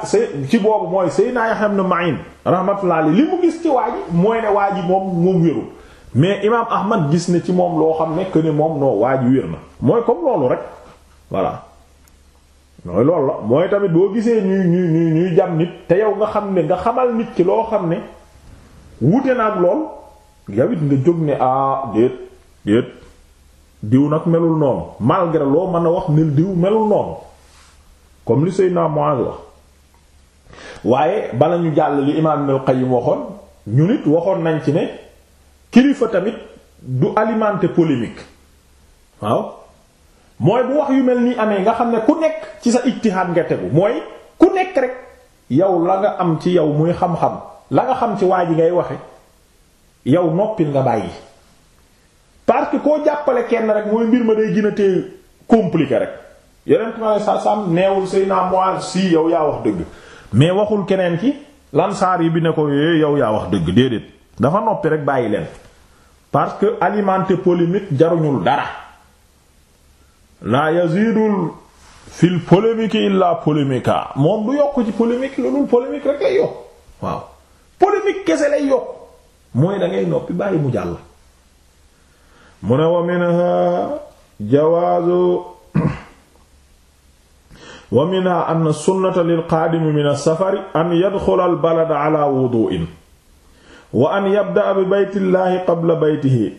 ci boobu mooy Seydina Yahya ibn Ma'in rahmatullah li mu gis ci waa ji mooy ne waa moom moom wérul mais imaam Ahmad gis ne ci moom loo xam ne que moom noo waaj ji wér na mooy comme loolu rek voilà mooy loolu la mooy tamit boo gisee ñuy ñuy ñuy ñuy jam nit te yow nga xam ne nga xamal nit ki loo xam ne wuute na lool yow it nga jóg ne ah déet déet diw nag melul noonu malgré loo mën a wax ne diw melul noonu comme li naa Muaz wax waaye bala ñu jàll li imaam Ibnul Qayyim waxoon ñu nit waxoon nañ ci ne kilifa tamit du alimenter polémique waaw mooy bu wax yu mel nii amee nga xam ne ku nekk ci sa ijtihaad nga tegu mooy ku nekk rek yow la nga am ci yow muy xam-xam la nga xam ci waa ji ngay waxe yow noppil nga bàyyi parce que koo jàppale kenn rek mooy mbir ma day gën a tee rek yeneen ma ne sa sam neewul say naa si yow yaa wax dëgg mais waxul keneen ki lansaar yi bi ne ko eh, yow yaa wax dëgg déedéet dafa noppi rek bàyyi leen parce que alimenter polémique jaruñul dara la yazidul fil polémique illa polémica moom du yokk ci polémique lu dul polémique rek lay yokk waaw polémique kese lay yokk mooy da noppi bàyyi mu jàll mu ne wa minha jawaazu wa minha anna sunnata lil qaadimi min as-safari an yadxula al-balada ala wudu'in an yabda'a bi baytillahi qabla baytihi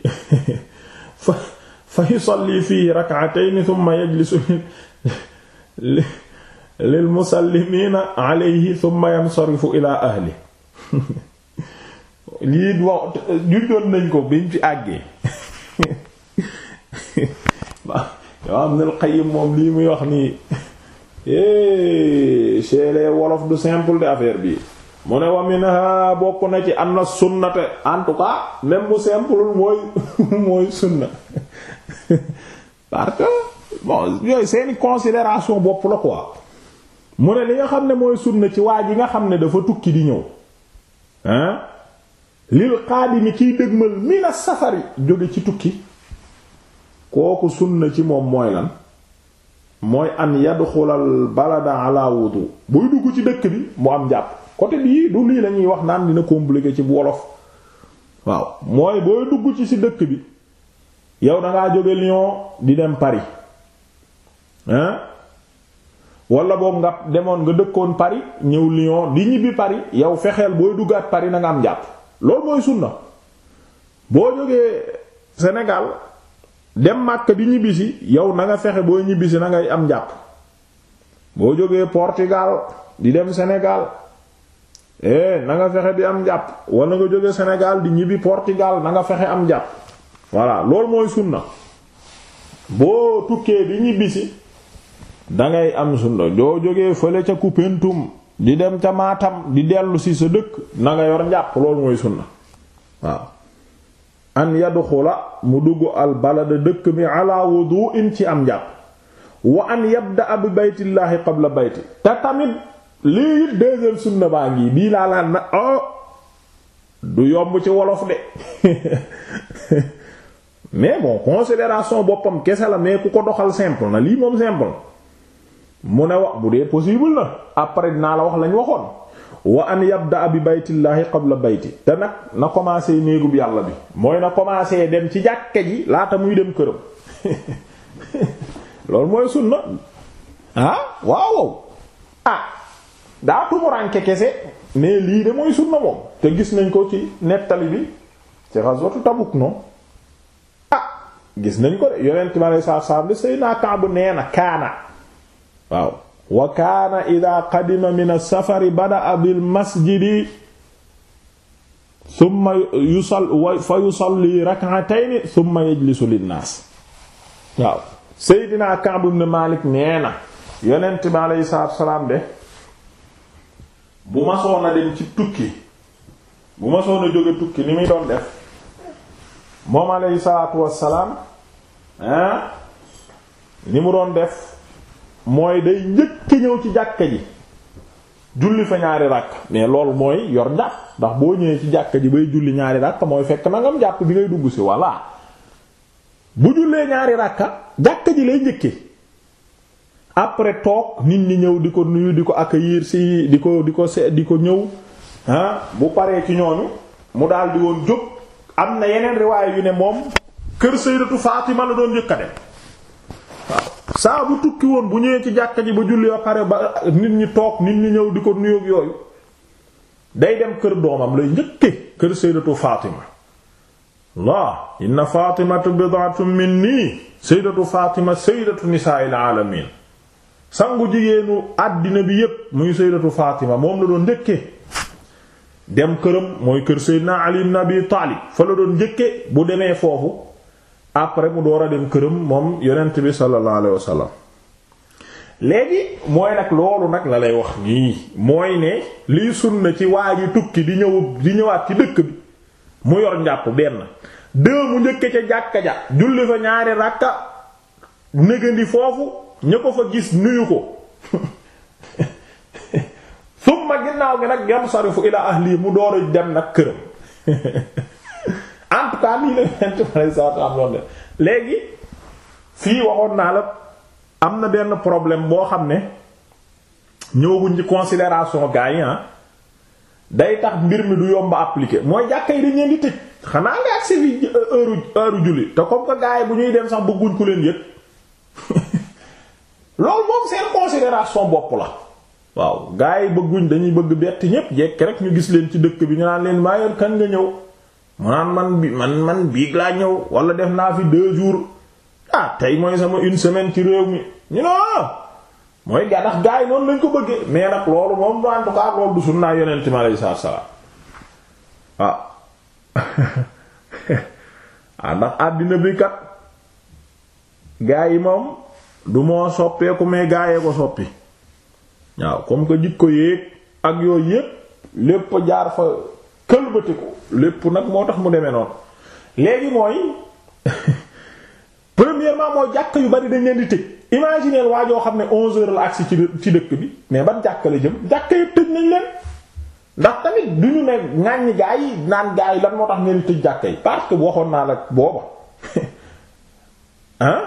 fa yusalli fihi rak'atayn thumma yajlisu lil musallimiina alayhi thumma yansarifu ila ahli lii wax juddoon nañ ko biñ ci àggee yow am nal Qayyim moom lii muy wax nii eh, chez les wolof du simple de affaire bi mu ne wa minha bokk na ci am sunnate en tout mu simple mooy mooy sunna parce que bon yooyu seeni considération bopp la quoi mu ne li nga xam ne mooy na ci waa ji nga xam ne dafa tukki di ñëw hein lil xaadimi kiy dëgmal mina safari jóge ci tukki kooku na ci moom mooy lan mooy an yadxulal balada ala wudu buy dugg ci dëkk bi mu am jàpp côté bii du lii lañuy wax naan dina compliqué ci wolof waaw mooy booy dugg ci ci dëkk bi yow da jóge Lyon di dem pari hein wala boobu nga demoon nga dëkkoon pari ñëw Lyon di ñibbi pari yow fexeel booy duggaat pari nanga am jàpp loolu mooy sunna boo jógee Sénégal dem Makka di ñibbisi yow nanga fexe booy ñibbisi na ngay am jàpp boo jógee Portugal di dem senegal eh nanga fexe di am jàpp wala nga jógee Sénégal di ñibbi Portugal na nga fexe am jàpp voilà loolu mooy sunna boo tukkee di ñibbisi dangay am sunna doo jógee fële ca Koupentoum di dem ca Matam di dellu sa dëkk na yor njàpp loolu mooy sunna waaw an yadxula mu dugg al balada dëkk mi ala wudu'in ci baytillaahi qabla bayti te tamit lii it sunna baa ngi bii laa laan na oh, du yomb ci wolof de mais bon considération boppam kese la mais ku ko doxal simple na lii moom simple mu ne wax bu dee possible na après dinaa la wax lañ waxoon wa an yabda bi baytillahi qabla bayti te nag na commencé néegub yàlla bi mooy na commencé dem ci jàkke ji laata muy dem këram loolu mooy sunna ah waaw ah daa tumuranke kese mais lii de mooy sunna moom te gis nañ ko ci nettali bi ci ghazwatu Tabuk noonu gis nañ ko de yonent mi salaam de Seydina Kaabu nee na kaana waaw wa kaana idaa qadima min as-safari bada'a bil masjidi summa fa yusalli na yonent mi aleyhi salaatu salaam de bu ma soona dem ci tukki bu ma soona jóge tukki ni muy doon def moom aleyhi salaatu wassalaam ah ni mu doon def mooy day njëkk ñëw ci jàkka ji julli fa ñaari ràkk mais loolu mooy yor njàpp ndax boo ñëwee ci jàkka ji bay julli ñaari ràkk mooy fekk na ngam jàpp bi ngay dugg si walla bu jullee ñaari ràkka jàkka ji lay njëkkee après toog nit ñi ñëw di ko nuyu di ko accueillir si di ko di ko se di ko ñëw ah bu paree ci ñooñu mu daal di woon jóg am na yeneen riwaay yu ne moom kër sayyidatu Fatima la doon njëkk a dem waaw saa bu tukki woon bu ñëwee ci jàkka ji ba julli ba pare ba nit ñi toog nit ñi ñëw di ko nuyoog yooyu day dem kër doomam lay njëkke kër sayyidatu Fatima la inna Fatimatu bid'atun minni sayyidatu Fatima sayyidatu nisaa'il alamin sangu jigéenu àddina bi yépp muy sayyidatu Fatima moom la doon njëkke dem këram mooy kër Seydina Ali Taalib fa la doon njëkkee bu demee foofu après mu door a dem këram moom yonent bi sallallahu alayhi wasallam léegi mooy nag loolu nag la lay wax nii mooy ne liy na ci waa yi tukki di ñëw di ñëwaat ci dëkk bi mu yor njàpp benn deux mu njëkk ca jàkka ja julli fa ñaari ràkka négandi foofu ña ko fa gis nuyu ko summa ginnaaw gi nag yam sarifu ila ahli mu dooru dem nag këram en tout cas nii la yonent bi léegi fii waxoon naa la am na benn problème boo xam ne ñëwaguñ ci consideration gaa yi ah. day tax mbir mi du yomba appliquer mooy jàkka yi dañ leen tëj xanaa nga ak sevi heure heure julli te comme que gaa bu ñuy dem sax bëgguñ ku leen yëg loolu moom seen considération bopp la waaw gaa yi bëgguñ dañuy bëgg bett ñépp jekk rek ñu gis leen ci dëkk bi ñu naan leen maa yoon kan nga ñëw mu naan man bi man man biig laa ñëw wala def naa fi deux jours ah tey mooy sama une semaine ci réew mi ñu ne ah, mooy gànnax gars yi ko bëggee mais ah. Ah, ndax àddina bi kat gars yi moom du moo soppeeku mais gars yee ko soppi waaw comme que jikko yéeg ak yooyu yépp lépp jaar fa. wëlbatiku lépp nag moo tax mu demee noonu léegi mooy premièrement mooy jàkk yu bari dañ leen di tëj imaginer waa joo xam ne 11h la agsi ci ci dëkk bi mais ban jàkk la jëm jàkk yëpp tëj nañ leen ndax tamit du ñu ne ŋàññi gaa naan gaa yi lan moo tax ngeen tëj jàkk yi parce que waxoon naa la booba ah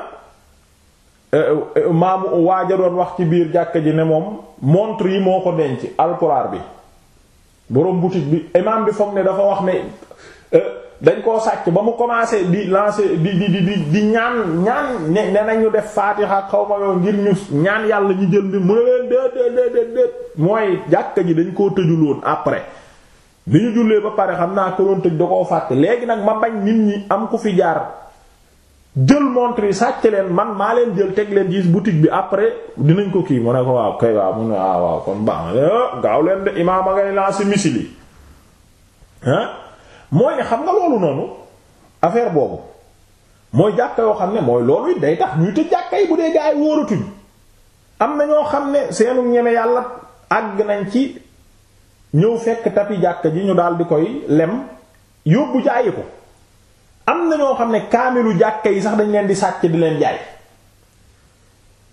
maamu waaja doon wax ci biir jàkk ji ne moom montre yi moo ko denc alxuraan bi. borom boutique bi imam bi foog ne dafa wax ne euh, dañ koo sàcc ba mu commencé di lancer di di di di ñaan ñaan ne nañu def faatiha xaw ma yow ngir ñu ñaan yàlla ñu jël bi mu ne leen déet déet déet déet mooy jàkka ji dañ koo tëjuloon après bi ñu jullee ba pare xam naa ko doon tëj da koo fàtte léegi nag ma bañ nit ñi am ku fi jaar jël montre yi sàcc leen man maa leen jël teg leen gis boutique bi après dinañ ko kii mu ne ko waaw kay waaw mu waaw ah, waaw kon baax na eh, gaaw leen de imaam a ngay lancé missile yi ah mooy ne xam nga loolu noonu affaire boobu mooy jàkka yoo xam ne mooy loolu it day tax ñuy tëj jàkka yi bu dee gaa yi wóoratuñ am na ñoo xam ne seenu ñeme yàlla àgg nañ ci ñëw fekk tapi jàkka ji ñu daal di koy lem yóbbu jaayi ko. am na ñoo xam ne kaamilu jàkka yi sax dañ leen di sàcc di leen jaay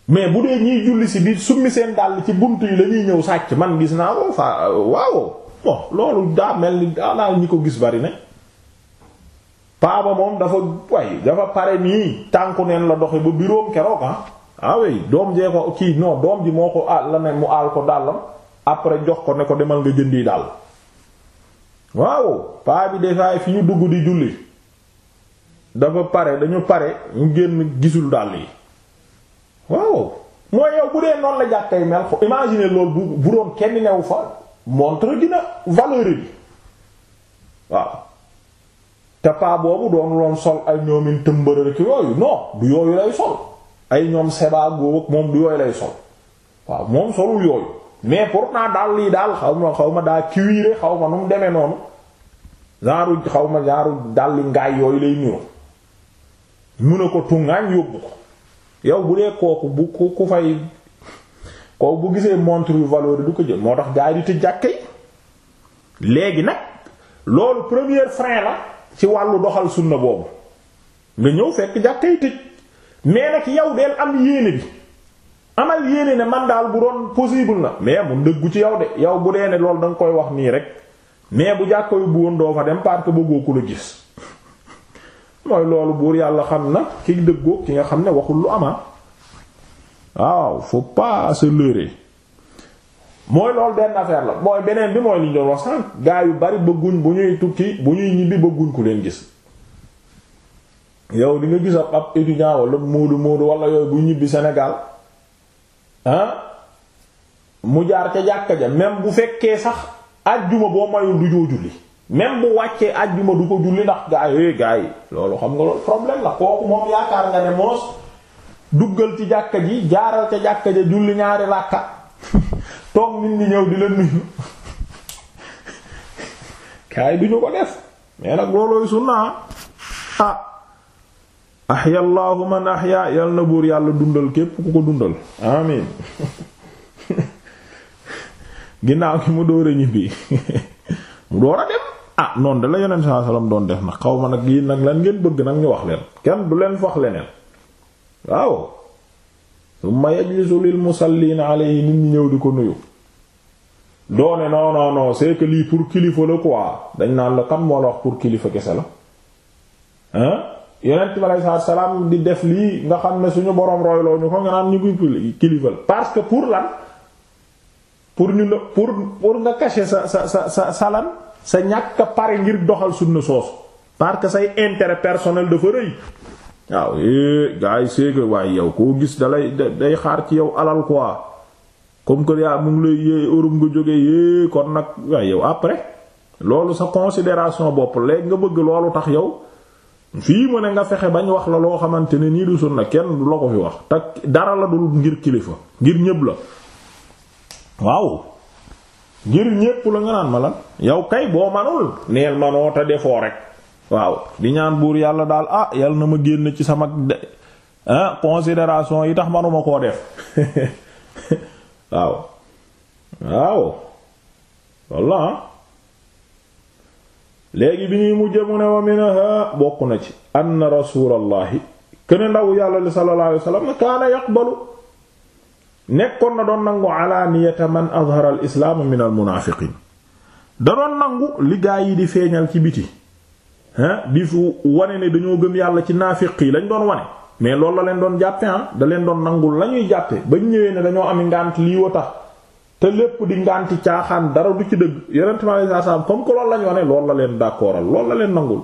mais bu dee ñiy julli si biir summi seen dàll ci bunt yi lañuy ñëw sàcc man gis naa ko fa waaw bon loolu daa mel ni daal ñi ko gis bari na paaba moom dafa way dafa pare nii tànku neen la doxe ba biroom keroog ah awey ah, doom jee ko kii non doom ji moo ko àll ah, la ne mu àll ko dàllam après jox ko ne ko demal nga jëndi dàll waaw paa bi defaay fi ñu dugg di julli dafa pare dañu pare ñu génn gisul dàll yi waaw mooy yow bu dee noonu la jàkkay mel imagine loolu bu bu doon kenn newu fa montre dina valeur bi waaw te paa boobu doon loon sol ay ñoomin tëmbërër ki yooyu non du yooyu lay sol ay ñoom sebaa góobag moom du yooyu lay sol waaw moom solul yooyu mais pourtant daal lii daal xaw ma xaw ma daa cuiré xaw ma nu mu demee noonu genre xaw ma genre dal li ngaay yooyu lay niru mun a ko tungaañ yóbbu ko yow bu dee kooku bu ku ku fay kooku bu gisee montre yu valeur du ko jël moo tax gaa yi di tëj jàkka yi léegi nag loolu premier frein la ci wàllu doxal sunna boobu nga ñëw fekk jàkka yi tëj mais nag yow deel am yéene bi amal yéene ne man daal bu doon possible na mais mu ndëggu ci yow de yow bu dee ne loolu da nga koy wax nii rek mais bu jàkka yu bu doo fa dem parce que bëggoo ku la gis mooy loolu buur yàlla xam na ki dëggoo ki nga xam ne waxul lu ama waaw faut pas se leurrer mooy loolu benn affaire la mooy beneen bi mooy li ñu wax sànq gaa yu bari bëgguñ bu ñuy tukki bu ñuy ñibbi bëgguñ ku leen gis yow di nga gis ab ab étudiant wala Moodu Moodu yooyu bu ñibbi senegal mu jaar ca jàkka ja même bu fekkee sax àjjuma boo mayul du joo julli même bu wàccee àjjuma du ko julli ndax gaa yi eh, gaa yi loolu xam nga loolu problème la kooku moom yaakaar nga ne moos duggal ci jàkka ji jaaral ca jàkka ja julli ñaari ràkka toog nit ñi ñëw di la nuyu gaa yi du ko def mais nag loolooy sunna ah ahya allahu man ahya yal buur yàlla dundal képp ku ko dundal amin ginnaaw gi mu door a ñibbi mu door a dem ah noonu da la yonent saa salaam doon def na xaw ma nag yii nag lan ngeen bëgg nag ñu wax leen kenn du leen wax leneen waaw summa yajlisu lil musallin alayhi nit ñëw di ko nuyu doone non non lii pour kilifa la quoi dañ naan la kan moo wax pour kilifa kese la hein def lii nga xam ne suñu boroom royloo ñu ko que pour lan pour ñu la pour pour nga cacher sa sa sa sa lan sa ñàkk pare ngir doxal sunna soosu parce que say intérêt personnel dafa rëy waaw eh, gars yi c'est waaye yow koo gis dalay day xaar ci yow alal quoi comme que yaa mu ngi lay eh, Europe nga jógee eh, kon nag waaye yow après loolu sa considération bopp léegi nga bëgg loolu tax yow fii mu nga fexe bañ wax la loo xamante ne nii du nag kenn du la ko fi wax te dara la dul ngir kilifa ngir ñëpp la waaw. ngir ñépp la nga naan ma lan yow kay boo manul neel manoo te defoo rek waaw di ñaan buur yàlla daal ah yàlla na ma génn ci sama ah considération yi tax manuma koo def waaw waaw walla ah. léegi bi ñuy mujje mu ne wa minaha bokk na ci anna rasulallahi kene ndaw yàlla li sallallahu alayhi wasallam kaana yaqbalu nekkoon na doon nangu alaaniyata man azhara al islaam min al munaafiqiin da doon nangu li gaa yi di feeñal ci biti hein di fu wane ne dañoo gëm yàlla ci naafiq yi lañ doon wane mais lool la leen doon jàppe ah da leen doon nangul lañuy ñuy jàppe bañ ñëwee ne dañoo ami ngànt lii wa te lépp di ngànti caaxaan dara du ci dëgg yonent mi alayhi salaam comme que loolu lañ wane loolu la leen d'accordal loolu la leen nangul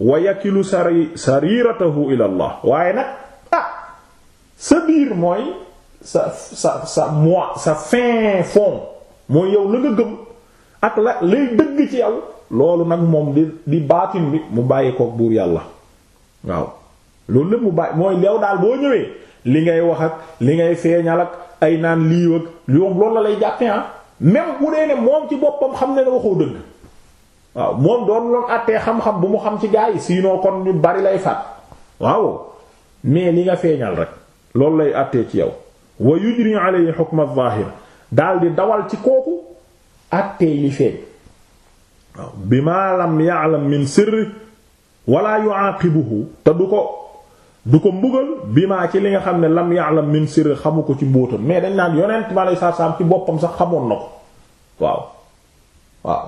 wa yakilu sari sariratahu ila allah waaye nag ah, mooy sa sa sa moi sa fin fon mooy yow la nga gëm ak la lay dëgg ci yow loolu nag moom di di baatin bi mu bàyyi koog buur yàlla waaw loolu lépp mu bàyyi mooy yow daal boo ñëwee li ngay wax ak li ngay feeñal ak ay naan lii ak yoom loolu lay jàppee ah même bu dee ne moom ci boppam xam ne ne waxoo dëgg waaw moom doon loon àttee xam-xam bu mu xam ci gaa yi sinon kon ñu bari lay faat waaw mais li nga feeñal rek loolu lay àttee ci yow. wa yujri alayhi hukm az-zahir daal di dawal ci kooku attee yi feeñ waaw bi ma lam ya'lam min sirri wala yu'aqibuhu te du ko du ko mbugal bi maa ci li nga xam ne lam ya'lam min sirri xamu ko ci mbóotam mais dañ naan yonent ma lay sarsam ci boppam sax xamoon na ko waaw waaw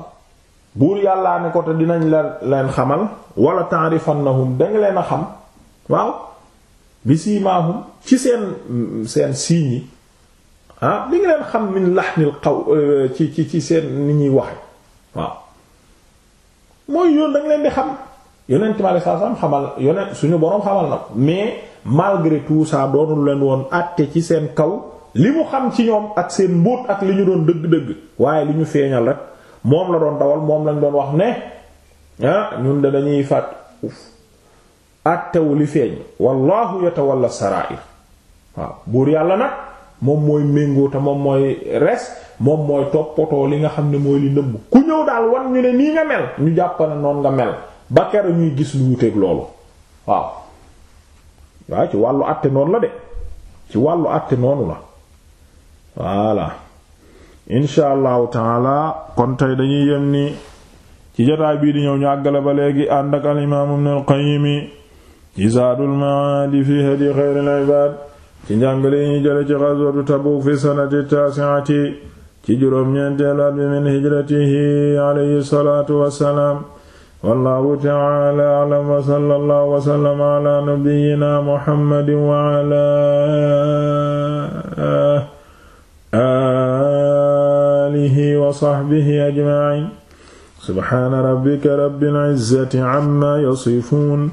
buur yàllaa ne ko te dinañ la leen xamal wala ta'rifannahum danga leen a xam waaw bi siimaahum ci seen seen siiñ yi ah bi nga leen xam min laxnil xaw euh, ci ci ci seen ni ñuy waxe waaw mooy yoon da leen di xam yonent mi saa salaam xamal yonent suñu boroom xamal na mais malgré tout ça doonul leen woon àtte ci seen kaw li mu xam ci ñoom ak seen mbóot ak li ñu doon dëgg-dëgg waaye li ñu feeñal rek moom la doon dawal moom lañ doon wax ne ah ñun de dañuy fàtt àttewu li feeñ wallahu yatawalla sarair waaw buur yàlla na moom mooy méngoo te moom mooy res moom mooy toppatoo li nga xam ne mooy li nëbb ku ñëw daal wan ñu ne nii nga mel ñu jàpp ne noonu nga mel ba kere ñuy gis lu wuteeg loolu waaw waaw ci wàllu àtte noonu la de ci wàllu àtte noonu la voilà insha allahu taala kon tey dañuy yem ni ci jotaay bii di ñëw ñu àggale ba léegi ànd ak al imaam ibn ci zaadul maadi fi hadi xayril ibaad ci njàngale yi ñu jële ci ghazwatu Tabuk fi sanati taasiati ci juróom-ñeenteelu at bi min hijratihi alayhi salaatu wassalaam wallahu ta'ala a'lam wa sallallahu wa sallama ala nabiyyina muhammadin wa ala alihi wa sahbihi ajma'in subhana rabbika rabbil izzati amma yasifun